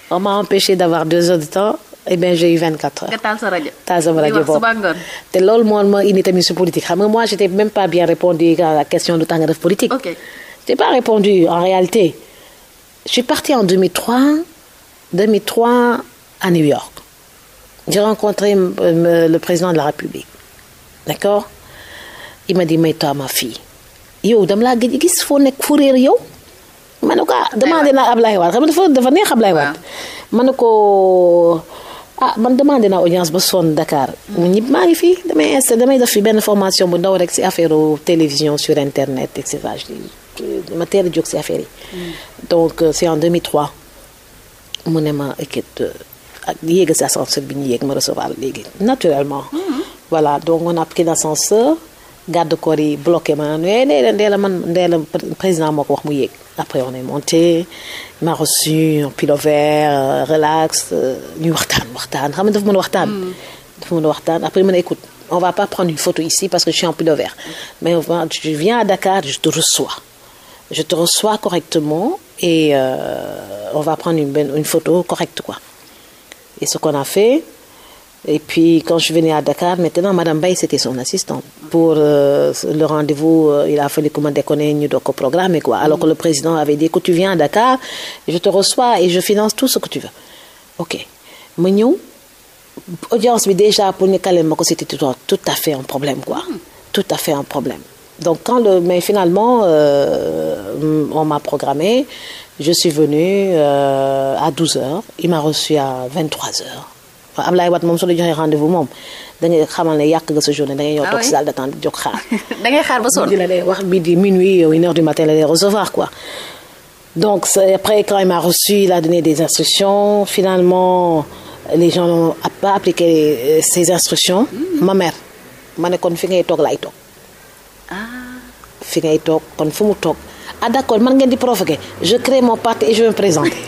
On m'a empêché d'avoir deux heures de temps. eh bien j'ai eu 24 moo ma indi tamit si xam nga moi j'étais même pas bien répondu à la question je partie en à New York j'ai rencontré euh, le président de la République d'accord il m'a dit mais toi ma fille yow dama laa gëj gis foo nekk fu réer yow. ma ne ko ah demandé naa Ablaye Wade xam nga dafa dafa neex Ablaye ma ne ko. ah man demande naa audience ba son Dakar mu ñib maa ngi fii damay insté damay def fi benn formation bu ndaw rek si affaire télévision sur internet et cetera ma teel a jóg si affaire yi mm. donc euh, c'est en 2003 mu ne ma équipe euh, ak yéega si ascenseur bi ñu yéeg ma recevoir léegi naturellement mm. voilà donc on a pris l'ascenseur garde corps yi bloqué ndee la man ndee la président moo ko wax mu yéeg après on est monté ma reçu un pilover euh, relax euh, ñu waxtaan waxtaan xam nga dafa mën a waxtaan. Mm. dafa mën a waxtaan après mën a écoute on va pas prendre une photo ici parce que je suis en pilover mais je viens à Dakar je te reçois je te reçois correctement et euh, on va prendre une, une photo correcte quoi et ce qu'on a fait. Et puis quand je venais à Dakar, maintenant Madame Baye Pour euh, le rendez-vous, euh, il a fallu comment programme quoi. Alors mm. que le président avait dit que tu viens à Dakar, je te reçois et je finance tout ce que tu tout, tout à fait un problème quoi. Mm. problème. Donc quand le mais finalement euh, on m'a programmé, je suis euh, à 12h, il waaw Ablaye Wade moom su la joxee rendez-vous moom da ngay xamal ne yàq nga sa journée da ngay ñëw ah toog si salle d'attente xaar. da xaar ba sonn di la lay wax bii di minuit yow une heure du matin la lay recevoir quoi. après quand il m'a reçu il a donné des instructions finalement les gens n'ont pas euh, ces instructions. Hmm. ma mère ma kon fi ngay toog laay toog. Ah. fi ngay toog kon fu mu toog ah d'accord man ngeen di provoquer je crée mon parti et je vais me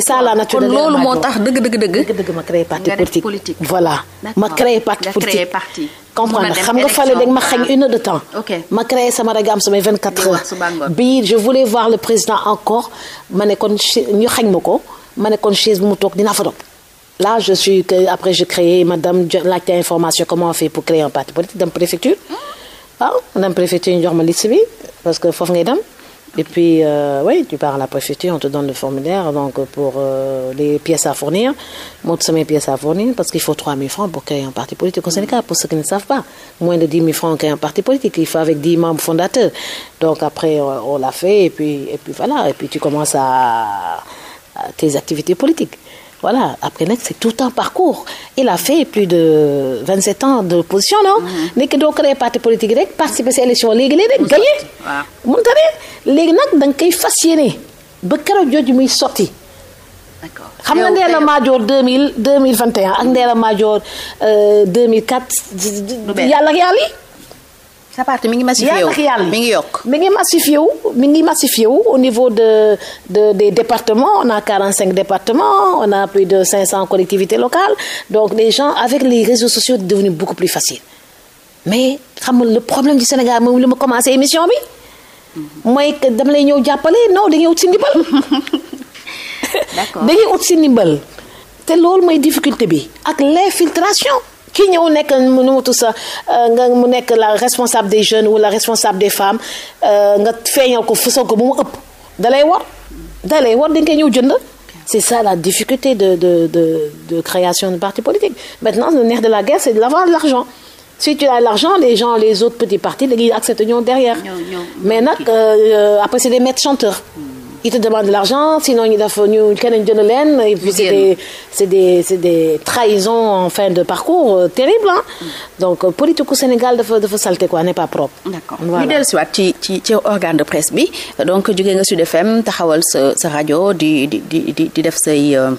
c'est ça la nature de kon loolu moo tax dëgg dëgg dëgg. dëgg dëgg ma créé parti politique voilà. ma créé parti politique. comprendre xam nga fale dañ ma xañ une heure de temps. ma créé sama ragaam samay 24 heures. bii je voulais voir le président encore ma ne kon ñu xañ ma ko ma ne kon chaise bu là je suis après j'ai créé madame laajte information comment fait pour créer un parti politique dem préfecture. ah préfecture ñu jox ma liste bi parce que foofu ngay dem. Et puis, euh, tu pars à la préfecture, on te donne le formulaire donc, pour euh, les pièces à fournir. Montre mes pièces à fournir parce qu'il faut 3 000 francs pour créer un parti politique au Sénégal, pour ceux qui ne savent pas. Moins de 10 000 créer un parti politique, il faut avec 10 membres fondateurs. Donc après, on, l'a fait et tu commences à tes activités politiques. Voilà, après nag c'est tout un parcours il a fait plus de 27 ans de position non. Mhm. nekk doo créé politique rek participer si élection léegi léegi rek. gagné mënta ne léegi nag da koy fas yéene ba keroog jooju muy sotti. d'accord xam na mhm. Ndella Madior 2000 2021 ak Ndella Madior 2004. yàlla ak yàlla sa mi ngi massifié wu yàlla ngi yokk mi ngi massifié wu mi ngi massifié wu au niveau de de des départements on a 45 départements on a plus de 500 collectivités locales donc les gens avec les réseaux sociaux c'est devenu beaucoup plus facile mais xam nga le problème du Sénégal moom li ma commencé émission bi mooy que dama lay ñëw jàppale non dañuy ut si ndimbal. d'accord dañuy ut si ndimbal te loolu mooy difficulté bi ak l'infiltration. ki ñëw nekk nu mu tudd sax euh, nga mu nekk la responsable des jeunes ou la responsable des femmes euh, nga feeñal ko fësal ko bu mu ëpp dalay war dalay war dañ koy ñëw jënd c'est ça la difficulté de de de de création de parti politique maintenant le nerf de la guerre c'est d'avoir de l'argent si tu as l'argent les gens les autres petits partis dañuy accepter ñoo derrière mais nag euh, après c'est des maîtres chanteurs hmm. ils te demandent de l'argent sinon ñu def ñu keneen jënd leen et puis c'est des c'est des c'est des trahisons en fin de parcours euh, terrible ah donc euh, politique u Sénégal dafa dafa salté quoi n'est pas propre d'accord ñu dellusiwaat ci ci ci organe de presse bi donc jógee nga Sud FM taxawal sa sa rajo di di di di def say euh,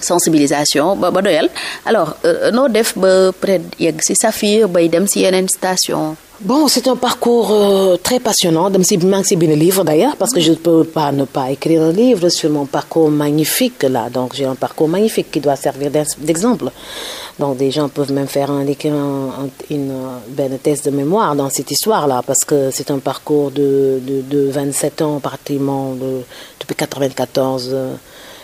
sensibilisation ba ba doyal alors euh, noo def ba peut être yegg si Saphir bay dem si yeneen station bon c'est un parcours euh, très passionnant dem si maa ngi si bind livre parce que je ne peux pas ne pas écrire un livre sur mon parcours magnifique là donc j'ai un parcours magnifique qui doit servir d'exemple donc des gens peuvent même faire un, un une benn thèse parce que c'est un parcours de de de 27 ans pratiquement de depuis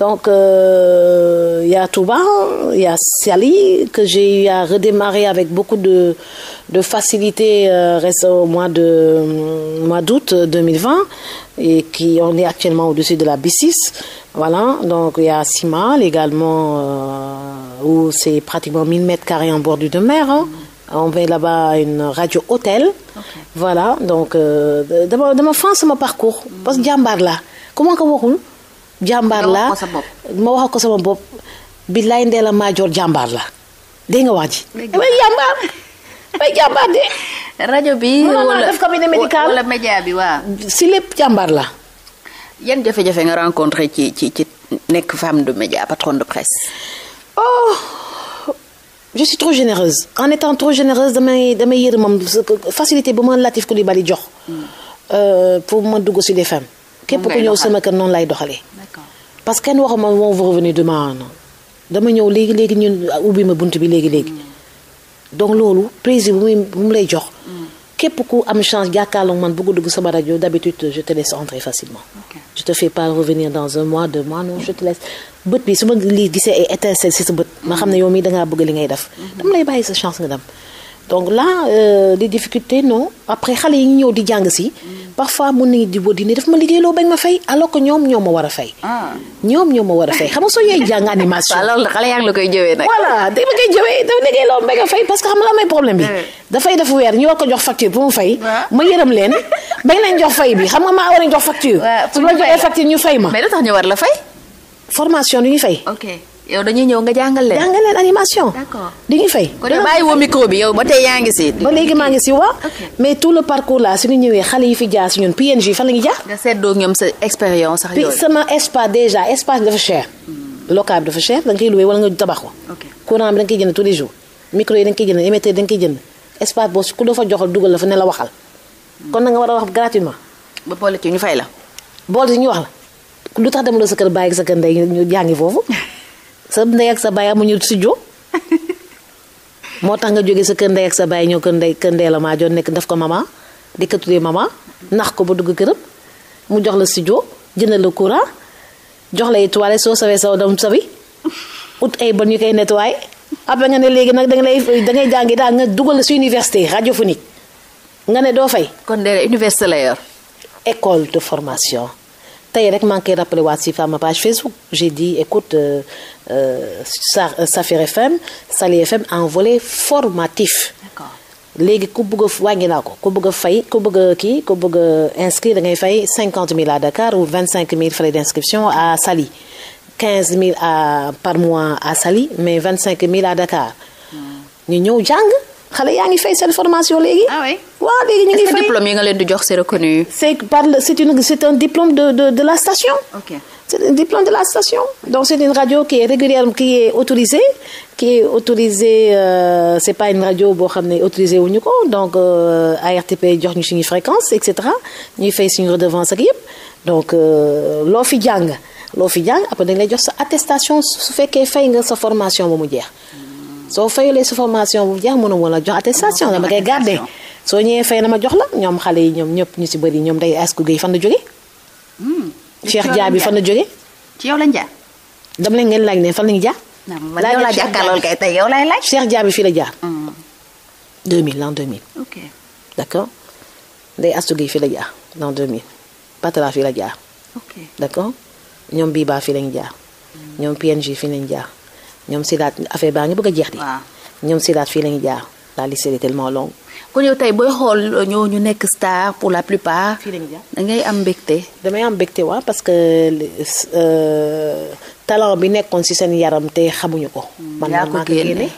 Donc, il euh, y a Touba, il y a Siali, que j'ai eu à redémarrer avec beaucoup de, de facilité euh, au mois de euh, mois d'août 2020, euh, et qui on est actuellement au-dessus de la B6. Voilà, donc il y a Simal également, euh, où c'est pratiquement 1000 mètres carrés en bordure de mer. Hein. Mm-hmm. On met là-bas une radio hôtel. Okay. Voilà, donc d'abord, d'abord, France, mon parcours, mm-hmm. parce que Djambar là, comment qu'on jàmbaar laa ma wax ko sama bopp bi billaay la Madior jàmbaar la dégg nga wax ji damay jàmbaar damay jàmbaar de rajo bi wala def cabinet médical wala média bi waa si lépp jàmbaar la yan jafe-jafe nga ci ci ci nekk femme de média patronne de presse oh je suis trop généreuse en étant trop généreuse damay damay facilité bu ma Latif Coulibaly jox hmm. euh, pour ma dugg si des femmes képp ku ñëw sama kër noonu lay doxalee parce que kenn waxuma ma on va revenir demain dama ñëw léegi léegi ñun ah, ubbi ma bunt bi léegi léegi. donc loolu plaisir bu muy bu mu lay jox. képp ku am chance jàkkaarloog man bëgg dugg sama rajo d'habitude je te laisse entrer facilement. Okay. je te fais pas revenir dans un mois de mois non je te laisse bët bi su ma lii gisee ay étincelle si sa bët. ma xam ne yow mii dangaa bëgg li ngay def. Mhm. dama lay bàyyi sa chance nga dem. donc là euh, les difficultés après xale yi ñëw di jàng si. parfois mën nañu di wóor di ne daf ma loo bañ ma fay alors ko ñoom ñoo ma war a fay. Ah. ñoom ñoo ma war a fay xam nga soo yooyu jàng animation. waaw loolu xale yaa ngi la koy jëwee nag. voilà da ma koy jëwee dafa liggéeyloo bañ ma fay parce que xam nga la may problème bi. Eh. dafay def weer ñu war ko jox facture bu mu fay. ma yërëm leen bañ lañ jox fay bi xam nga maa war a jox facture. su ma joxee facture ñu fay ma. mais lu tax ñu war la fay. formation du ñu fay. ok. yow dañuy ñëw nga jàngal leen. jàngal animation. di ñu fay. kon bàyyi woo micro bi yow ba tey yaa ngi si. ba léegi maa ngi si waaw. mais tout le parcours là suñu ñëwee xale yi fi jaar si ñun PNJ fan la ñuy jaar. nga seetloo ñoom sa expérience sax hmm. nga koy loué wala nga tabax ko. courant bi da nga koy jënd tous les jours. micro yi da nga hmm. a wax gratuitement. ñu fay la. boole ci ñu wax la lu tax dem la sa kër bàyyi sa kër ndey ñu jàngi foofu sa ndey ak sa baay amuñu sijoo moo tax nga jóge sa kër ndey ak sa baay ñoo kër ndey kër ndey la maa joon nekk def ko maman di ko tuddee maman nax ko ba dugg këram mu jox la studio jëndal la courant jox la toilette soo sawee saw dam sawi ut ay bon ñu koy nettoyé après nga ne léegi nag danga lay dangay jàngi daal nga dugal si université radiophonique nga ne doo fay. kon de la yor. école de formation. tey rek maa ngi koy rappelé waat si sama page Facebook j'ai dit écoute euh, euh, euh Safir FM Sali FM en volet formatif. D'accord. léegi ku bëgg a wàññi naa ko ku fay ku bëgg a kii ku bëgg a da ngay fay cinquante mille à Dakar ou vingt cinq mille frais d'inscription à sali quinze mille à par à Saly mais vingt cinq mille à Dakar hmm. ñu ñëw jàng. xale yaa ngi fay seen formation léegi. ah oui waaw léegi yi nga leen di jox c'est reconnu. c'est par le c'est une c'est un diplôme de de de la station. ok c'est un diplôme de la station. donc c'est une radio qui est régulière qui est autorisée est autorisée euh, c'est pas une radio boo xam ne autorisée wuñu ko donc euh, ARTP jox ñu suñu fréquence et cetera ñuy fay suñu redevance ak yépp donc euh, loo fi jàng loo fi jàng après dañ lay jox sa attestation su fekkee fay nga sa formation ba mu jeex. soo fayalee su formation bu jeex mënu ma la jox attestation dama koy garder soo ñëwee fay na ma jox la ñoom xale yi ñoom ñëpp ñu si bëri ñoom day asku géey fan la jóge hmm. Cheikh Dia bi fan la jóge ci yow lañ jaar dama leen ngeen laaj ne fan lañu jaar yow laa jàkkaarlool kay tey yow laay laaj Cheikh Dia fii la jaar 2000 hmm. l'an 2000 ok d'accord day astu gi fii la jaar l'an 2000 Patra fii la jaar d'accord ñoom Biba fii lañ jaar hmm. ñoom PNG fii lañ jaar ñoom si sidaat affaire baa ngi bëgg a jeex di ñoom sidaat fii la ñuy jaar daal liste est tellement longue kon yow tey booy xool ñoo ñu nekk star pour la plupart fii la ñuy da ngay am mbégte damay am mbégte waa parce que euh, talent bi nekkoon ci seen yaram te xamuñu ko hmm. man maa ko génne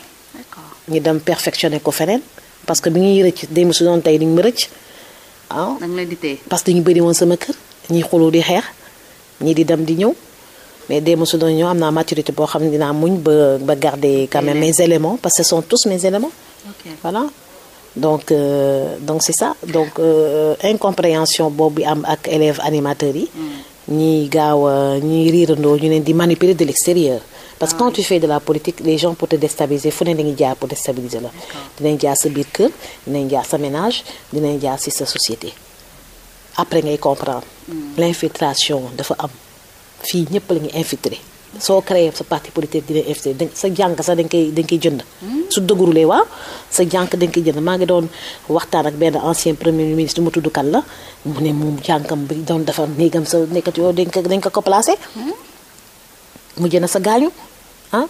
ñu dem perfectionné ko feneen parce que bi ñuy rëcc démb su doon tey duñ ma rëcc waaw parce que ñu bëri woon sama kër ñuy xuloo di xeex ñii di dem di ñëw mais démb su doon ñëw am naa maturité boo xam ne dinaa muñ ba ba garder mes éléments parce que ce sont tous mes éléments voilà donc euh, donc c'est ça donc euh, incompréhension boobu bi am ak élèves animateurs yi mm. ñiy gaaw a ñiy riirandoo ñu neen di manipuler de l'extérieur parce que ah, quand oui. tu fais de la politique les gens pour te déstabiliser fu ne dañuy jaar pour déstabiliser dinañ jaar sa biir kër dinañ jaar sa ménage dinañ jaar si sa société après ngay comprendre mm. l'infiltration dafa am fii ñëpp la ñuy soo créé sa partie politique dina infiltré da sa jànk sa dañ koy dañ koy jënd hmm? su dëggurulee waaw sa jànq dañ koy jënd maa ngi doon waxtaan ak benn ancien premier ministre mu tudd kan la mu ne moom jànkam bi doon defar néegam sa nekkat yoo dañ ko dañ ko ko placé hmm? mu jënd sa gaañu ah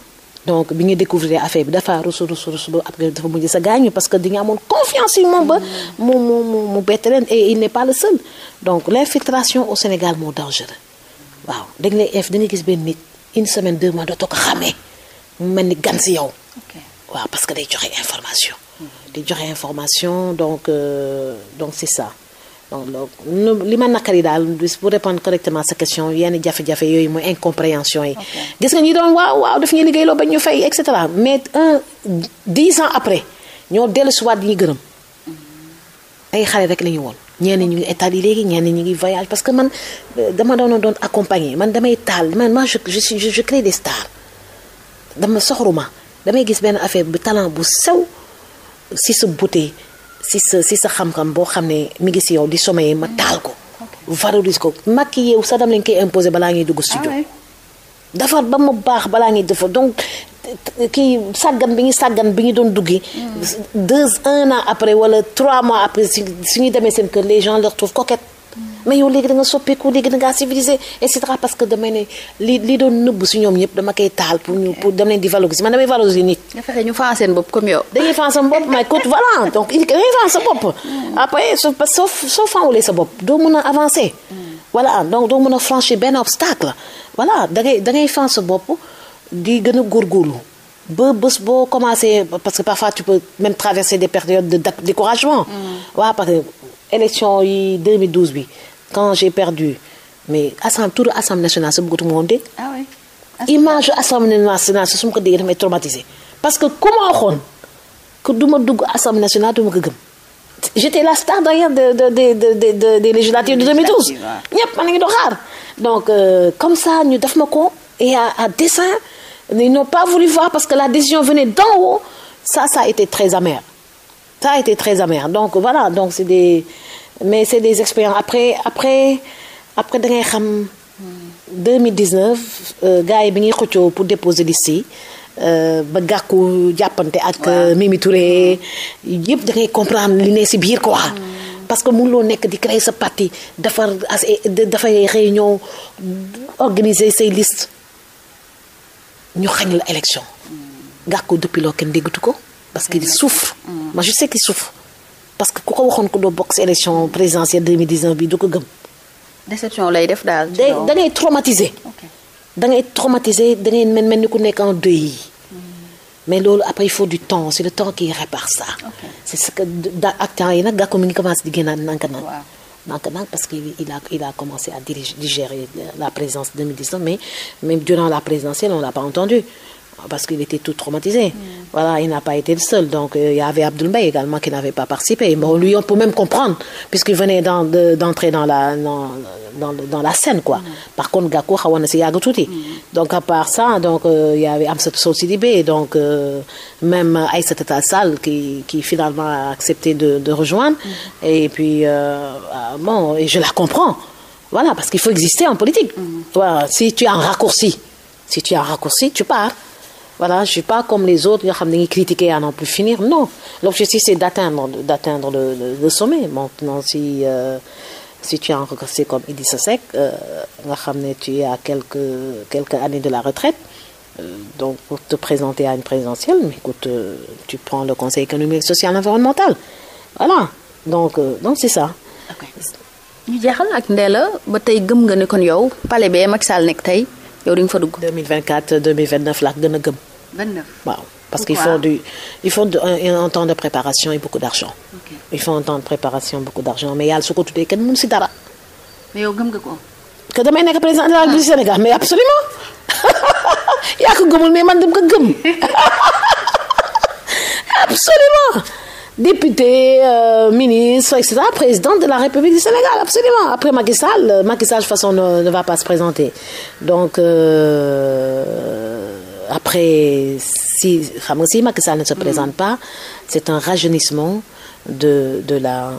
donc bi ñu découvrir affaire bi dafa rusu rusu rusu ba après dafa mujj sa gaañu parce que di nga amoon confiance yi moom ba hmm. mu mu mu mu bett leen et il n'est pas le seul donc l'infiltration au Sénégal moo waaw dañ lay eef da gis benn nit une semaine deux mois dootoo ko xàmmee mu mel ni gan si yow. waaw parce que day joxe information. Hmm. di joxe information donc euh, donc c'est ça donc li ma nakari daal pour répondre correctement sa question yenn jafe-jafe yooyu mooy incompréhension yi. gis nga ñi doon waaw waaw daf ñuy liggéeyloo ba ñu fay et cetera mais un dix ans après ñoo dellusiwaat yi ñu gërëm hmm. ay xale rek la ñu woon. ñenn ñu ngi yi léegi ñenn ñu ngi voyage parce que man euh, dama doon doon accompagner man damay taal man man je je je crée des stars dama soxruma damay gis benn affaire bu talent bu sew si sa beauté si sa si sa xam-xam boo xam ne mi ngi si yow di sommeiller ma taal ko. valorise ko maquillé wu sax dama leen koy imposer balaa ngay dugg studio. Ah defar ba mu baax balaa ngay defar donc. kii sàggan bi ñu saggan bi ñu doon duggi deux un an après wala trois mois après su ñu demee seen kër les gens leur trouvent coquette mais yow léegi da soppeeku léegi da ngaa civilisé et cetera parce que damay ne li li doon nëbb si ñoom ñëpp dama koy taal pour ñu pour dama leen di valoriser man damay valoriser nit. nga fexe ñu bopp comme yow. dañuy donc il dañuy sa bopp. après soo soo soo sa bopp doo mën a avancer. voilà donc doo mën a franchir benn obstacle voilà da ngay da ngay faa sa bopp. di gën a góorgóorlu ba bés boo commencé parce que parfois tu peux même traverser des périodes de découragement mm. waaw parce que élection yi bi quand j'ai perdu mais assemblée tour assemblée nationale sa bëggatu ma woon ah image assemblée nationale su ma ko déggee damay parce que ku ma waxoon que du ma dugg assemblée la star d'ailleurs de législatives de 2012 ñëpp man na donc euh, comme ça ñu def et à, à dessein. Ils n'ont pas voulu voir parce que la décision venait d'en haut. Ça, ça a été très amer. Ça a été très amer. Donc voilà, donc c'est des mais c'est des expériences. Après après après da ngay xam 2019 euh, gars yi bi ngay xëccoo pour déposer liste euh, ba gàkku jàppante ak euh, Mimi Touré yëpp da ngay comprendre li ne si biir quoi. Mm. parce que loo nekk di créer sa parti defar as dafay réunion organiser say liste ñu xañ la élection gàkku depuis loo kenn déggatu ko parce que souffre ma mm. je sais qu'il souffre parce que ku ko waxoon ko doo bokk si élection présidentielle 2019 bi du ko gëm déception lay def daal day da traumatisé da ngay traumatisé da ngay mel mel ni ku nekk en yi mm. mais loolu après il faut du temps c'est le temps qui répare ça c'est ce que ak temps yi nag gàkku mi ngi commencé di génnaat nanka naan lentement parce qu'il a, il a commencé à diriger, digérer la présidence 2019, mais même durant la présidentielle, on ne l'a pas entendu. Ah, parce qu'il était tout traumatisé. i mm. Voilà, il n'a pas été le seul. Donc, i euh, il y avait Abdoulaye également qui n'avait pas participé. Bon, lui, on peut de, la, scène, mm. Par contre, Gaku, Khawana, c'est Yagotouti. Mm. Donc, à part ça, donc, euh, il y euh, même Aïssa Tassal qui, qui finalement a de, de rejoindre. Mmh. Et puis, euh, bon, je la comprends. parce qu'il faut exister en politique. Voilà, si tu as un raccourci, si tu un raccourci, tu pars. voilà je suis pas comme les autres nga xam ne dañuy critiquer à n'en plus finir non l'objectif c'est d'atteindre d'atteindre le, le, le sommet maintenant si euh, si tu as engraissé comme Idrissa Seck euh, nga xam ne tu es à quelques quelques années de la retraite euh, donc pour te présenter à une présidentielle mais écoute euh, tu prends le conseil économique social et environnemental voilà donc euh, donc c'est ça. ñu jeexal ak Ndella ba tey gëm nga ne kon yow palais bee Macky Sall nekk tey. yow di nga fa dugg. 2024 2029 gën a gëm. 29 parce qu'ils font du du un, un temps de préparation et beaucoup d'argent okay. ils font un temps de préparation beaucoup d'argent mais yàlla su ko tuddee kenn mënu si dara. mais yow gëm nga ko. que damay nekk président de la République du Sénégal mais absolument yaa gëmul mais man dama ko gëm absolument député euh, ministre et cetera président de la République du absolument après Macky Sall euh, ne, va pas se présenter donc euh, après si xam nga si Macky Sall ne se présente pas c'est un rajeunissement de de la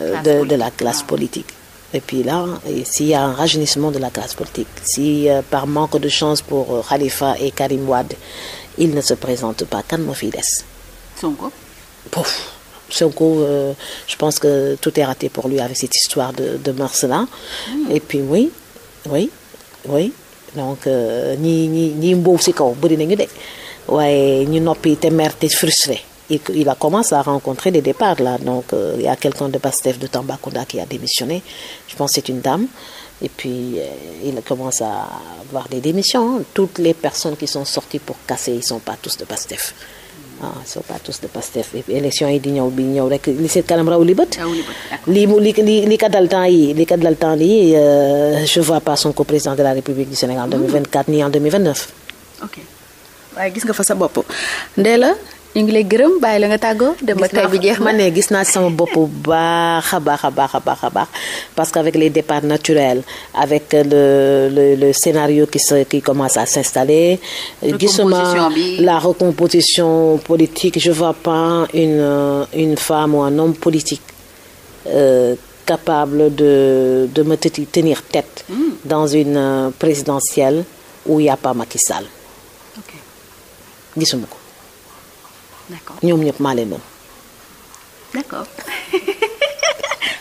euh, de, la classe politique et puis là s'il de la classe politique si par manque de chance pour Khalifa et Karim Wade ils ne se présentent pas kan moo fiy des pouf, Sonko, euh, je pense que tout est raté pour lui avec cette histoire de, de mars-là. Mmh. Et puis oui, oui, oui. Donc, ni ni ni mbow ci kaw bari nañu dé waye ñu nopi té mer té frustré il, il a commencé à rencontrer des départs là donc euh, il y a quelqu'un de Pastef de Tambacounda qui a démissionné je pense c'est une dame et puis euh, il commence à avoir des démissions toutes les personnes qui sont sorties pour casser ils sont pas tous de Pastef ah so pas tous de Pastef élection yi di ñëw bi ñëw rek li seet kanam raw li bët li li ka dal temps li ka dal temps yi euh, je vois pas Sonko président de la République du Sénégal hmm. ni en ok waaye gis nga fa sa bopp la ñu ngi lay gërëm bàyyi la nga tàggoo dem bi jeex ma ne gis naa ci bopp bu baax a baax a baax a baax a baax parce que avec les départs naturels avec le le le scénario qui se qui commence à s'installer gisuma euh, la recomposition politique je vois pas une euh, une femme ou un homme politique euh, capable de de me tenir tête mm. dans une présidentielle où il n'y a pas Macky ko d' accord ñoom ñëpp maa leen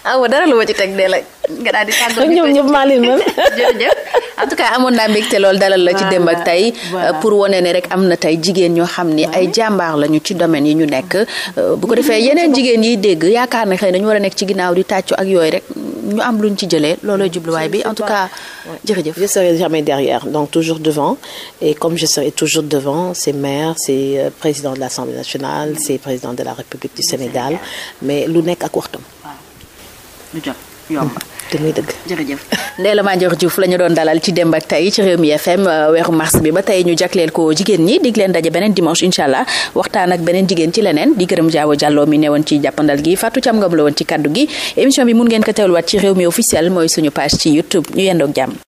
aw dara lu ma ci teg dee la nga daal di tàggatoo ñoom ñëpp maa leen mën jërëjëf en tout cas amoon naa mbégte lool dalal la ci démb ak tey pour wane ne rek am na tey jigéen ñoo xam ni ay jàmbaar lañu ci domaine yi ñu nekk mm-hmm. euh, bu ko defee mm-hmm. yeneen jigéen yiy dégg yaakaar na xëy na ñu war a nekk ci ginnaaw di tàccu ak yooyu rek ñu am luñ ci jëlee loolooy jubluwaay bi en tout cas jërëjëf je serai jamais derrière donc toujours devant et comme je serai toujours devant c'est maire c'est euh, président de l'Assemblée nationale c'est président de la République du Sénégal mais lu nekk ak waxtam ñu jot yomb te muy jërëjëf Ndella Madior Diouf la ñu doon dalal ci démb ak tay ci Rewmi FM euh, weeru mars bi ba tey ñu jagleel ko jigéen ñi dig leen daje beneen dimanche incha allah waxtaan ak beneen jigéen ci leneen di gërëm jaawo jàlloo mi woon ci jàppandal gi Fatou Thiam Ngom la woon ci kaddu gi émission bi mun ngeen ko teewluwaat ci Rewmi officiel mooy suñu page ci YouTube ñu yendoog jàmm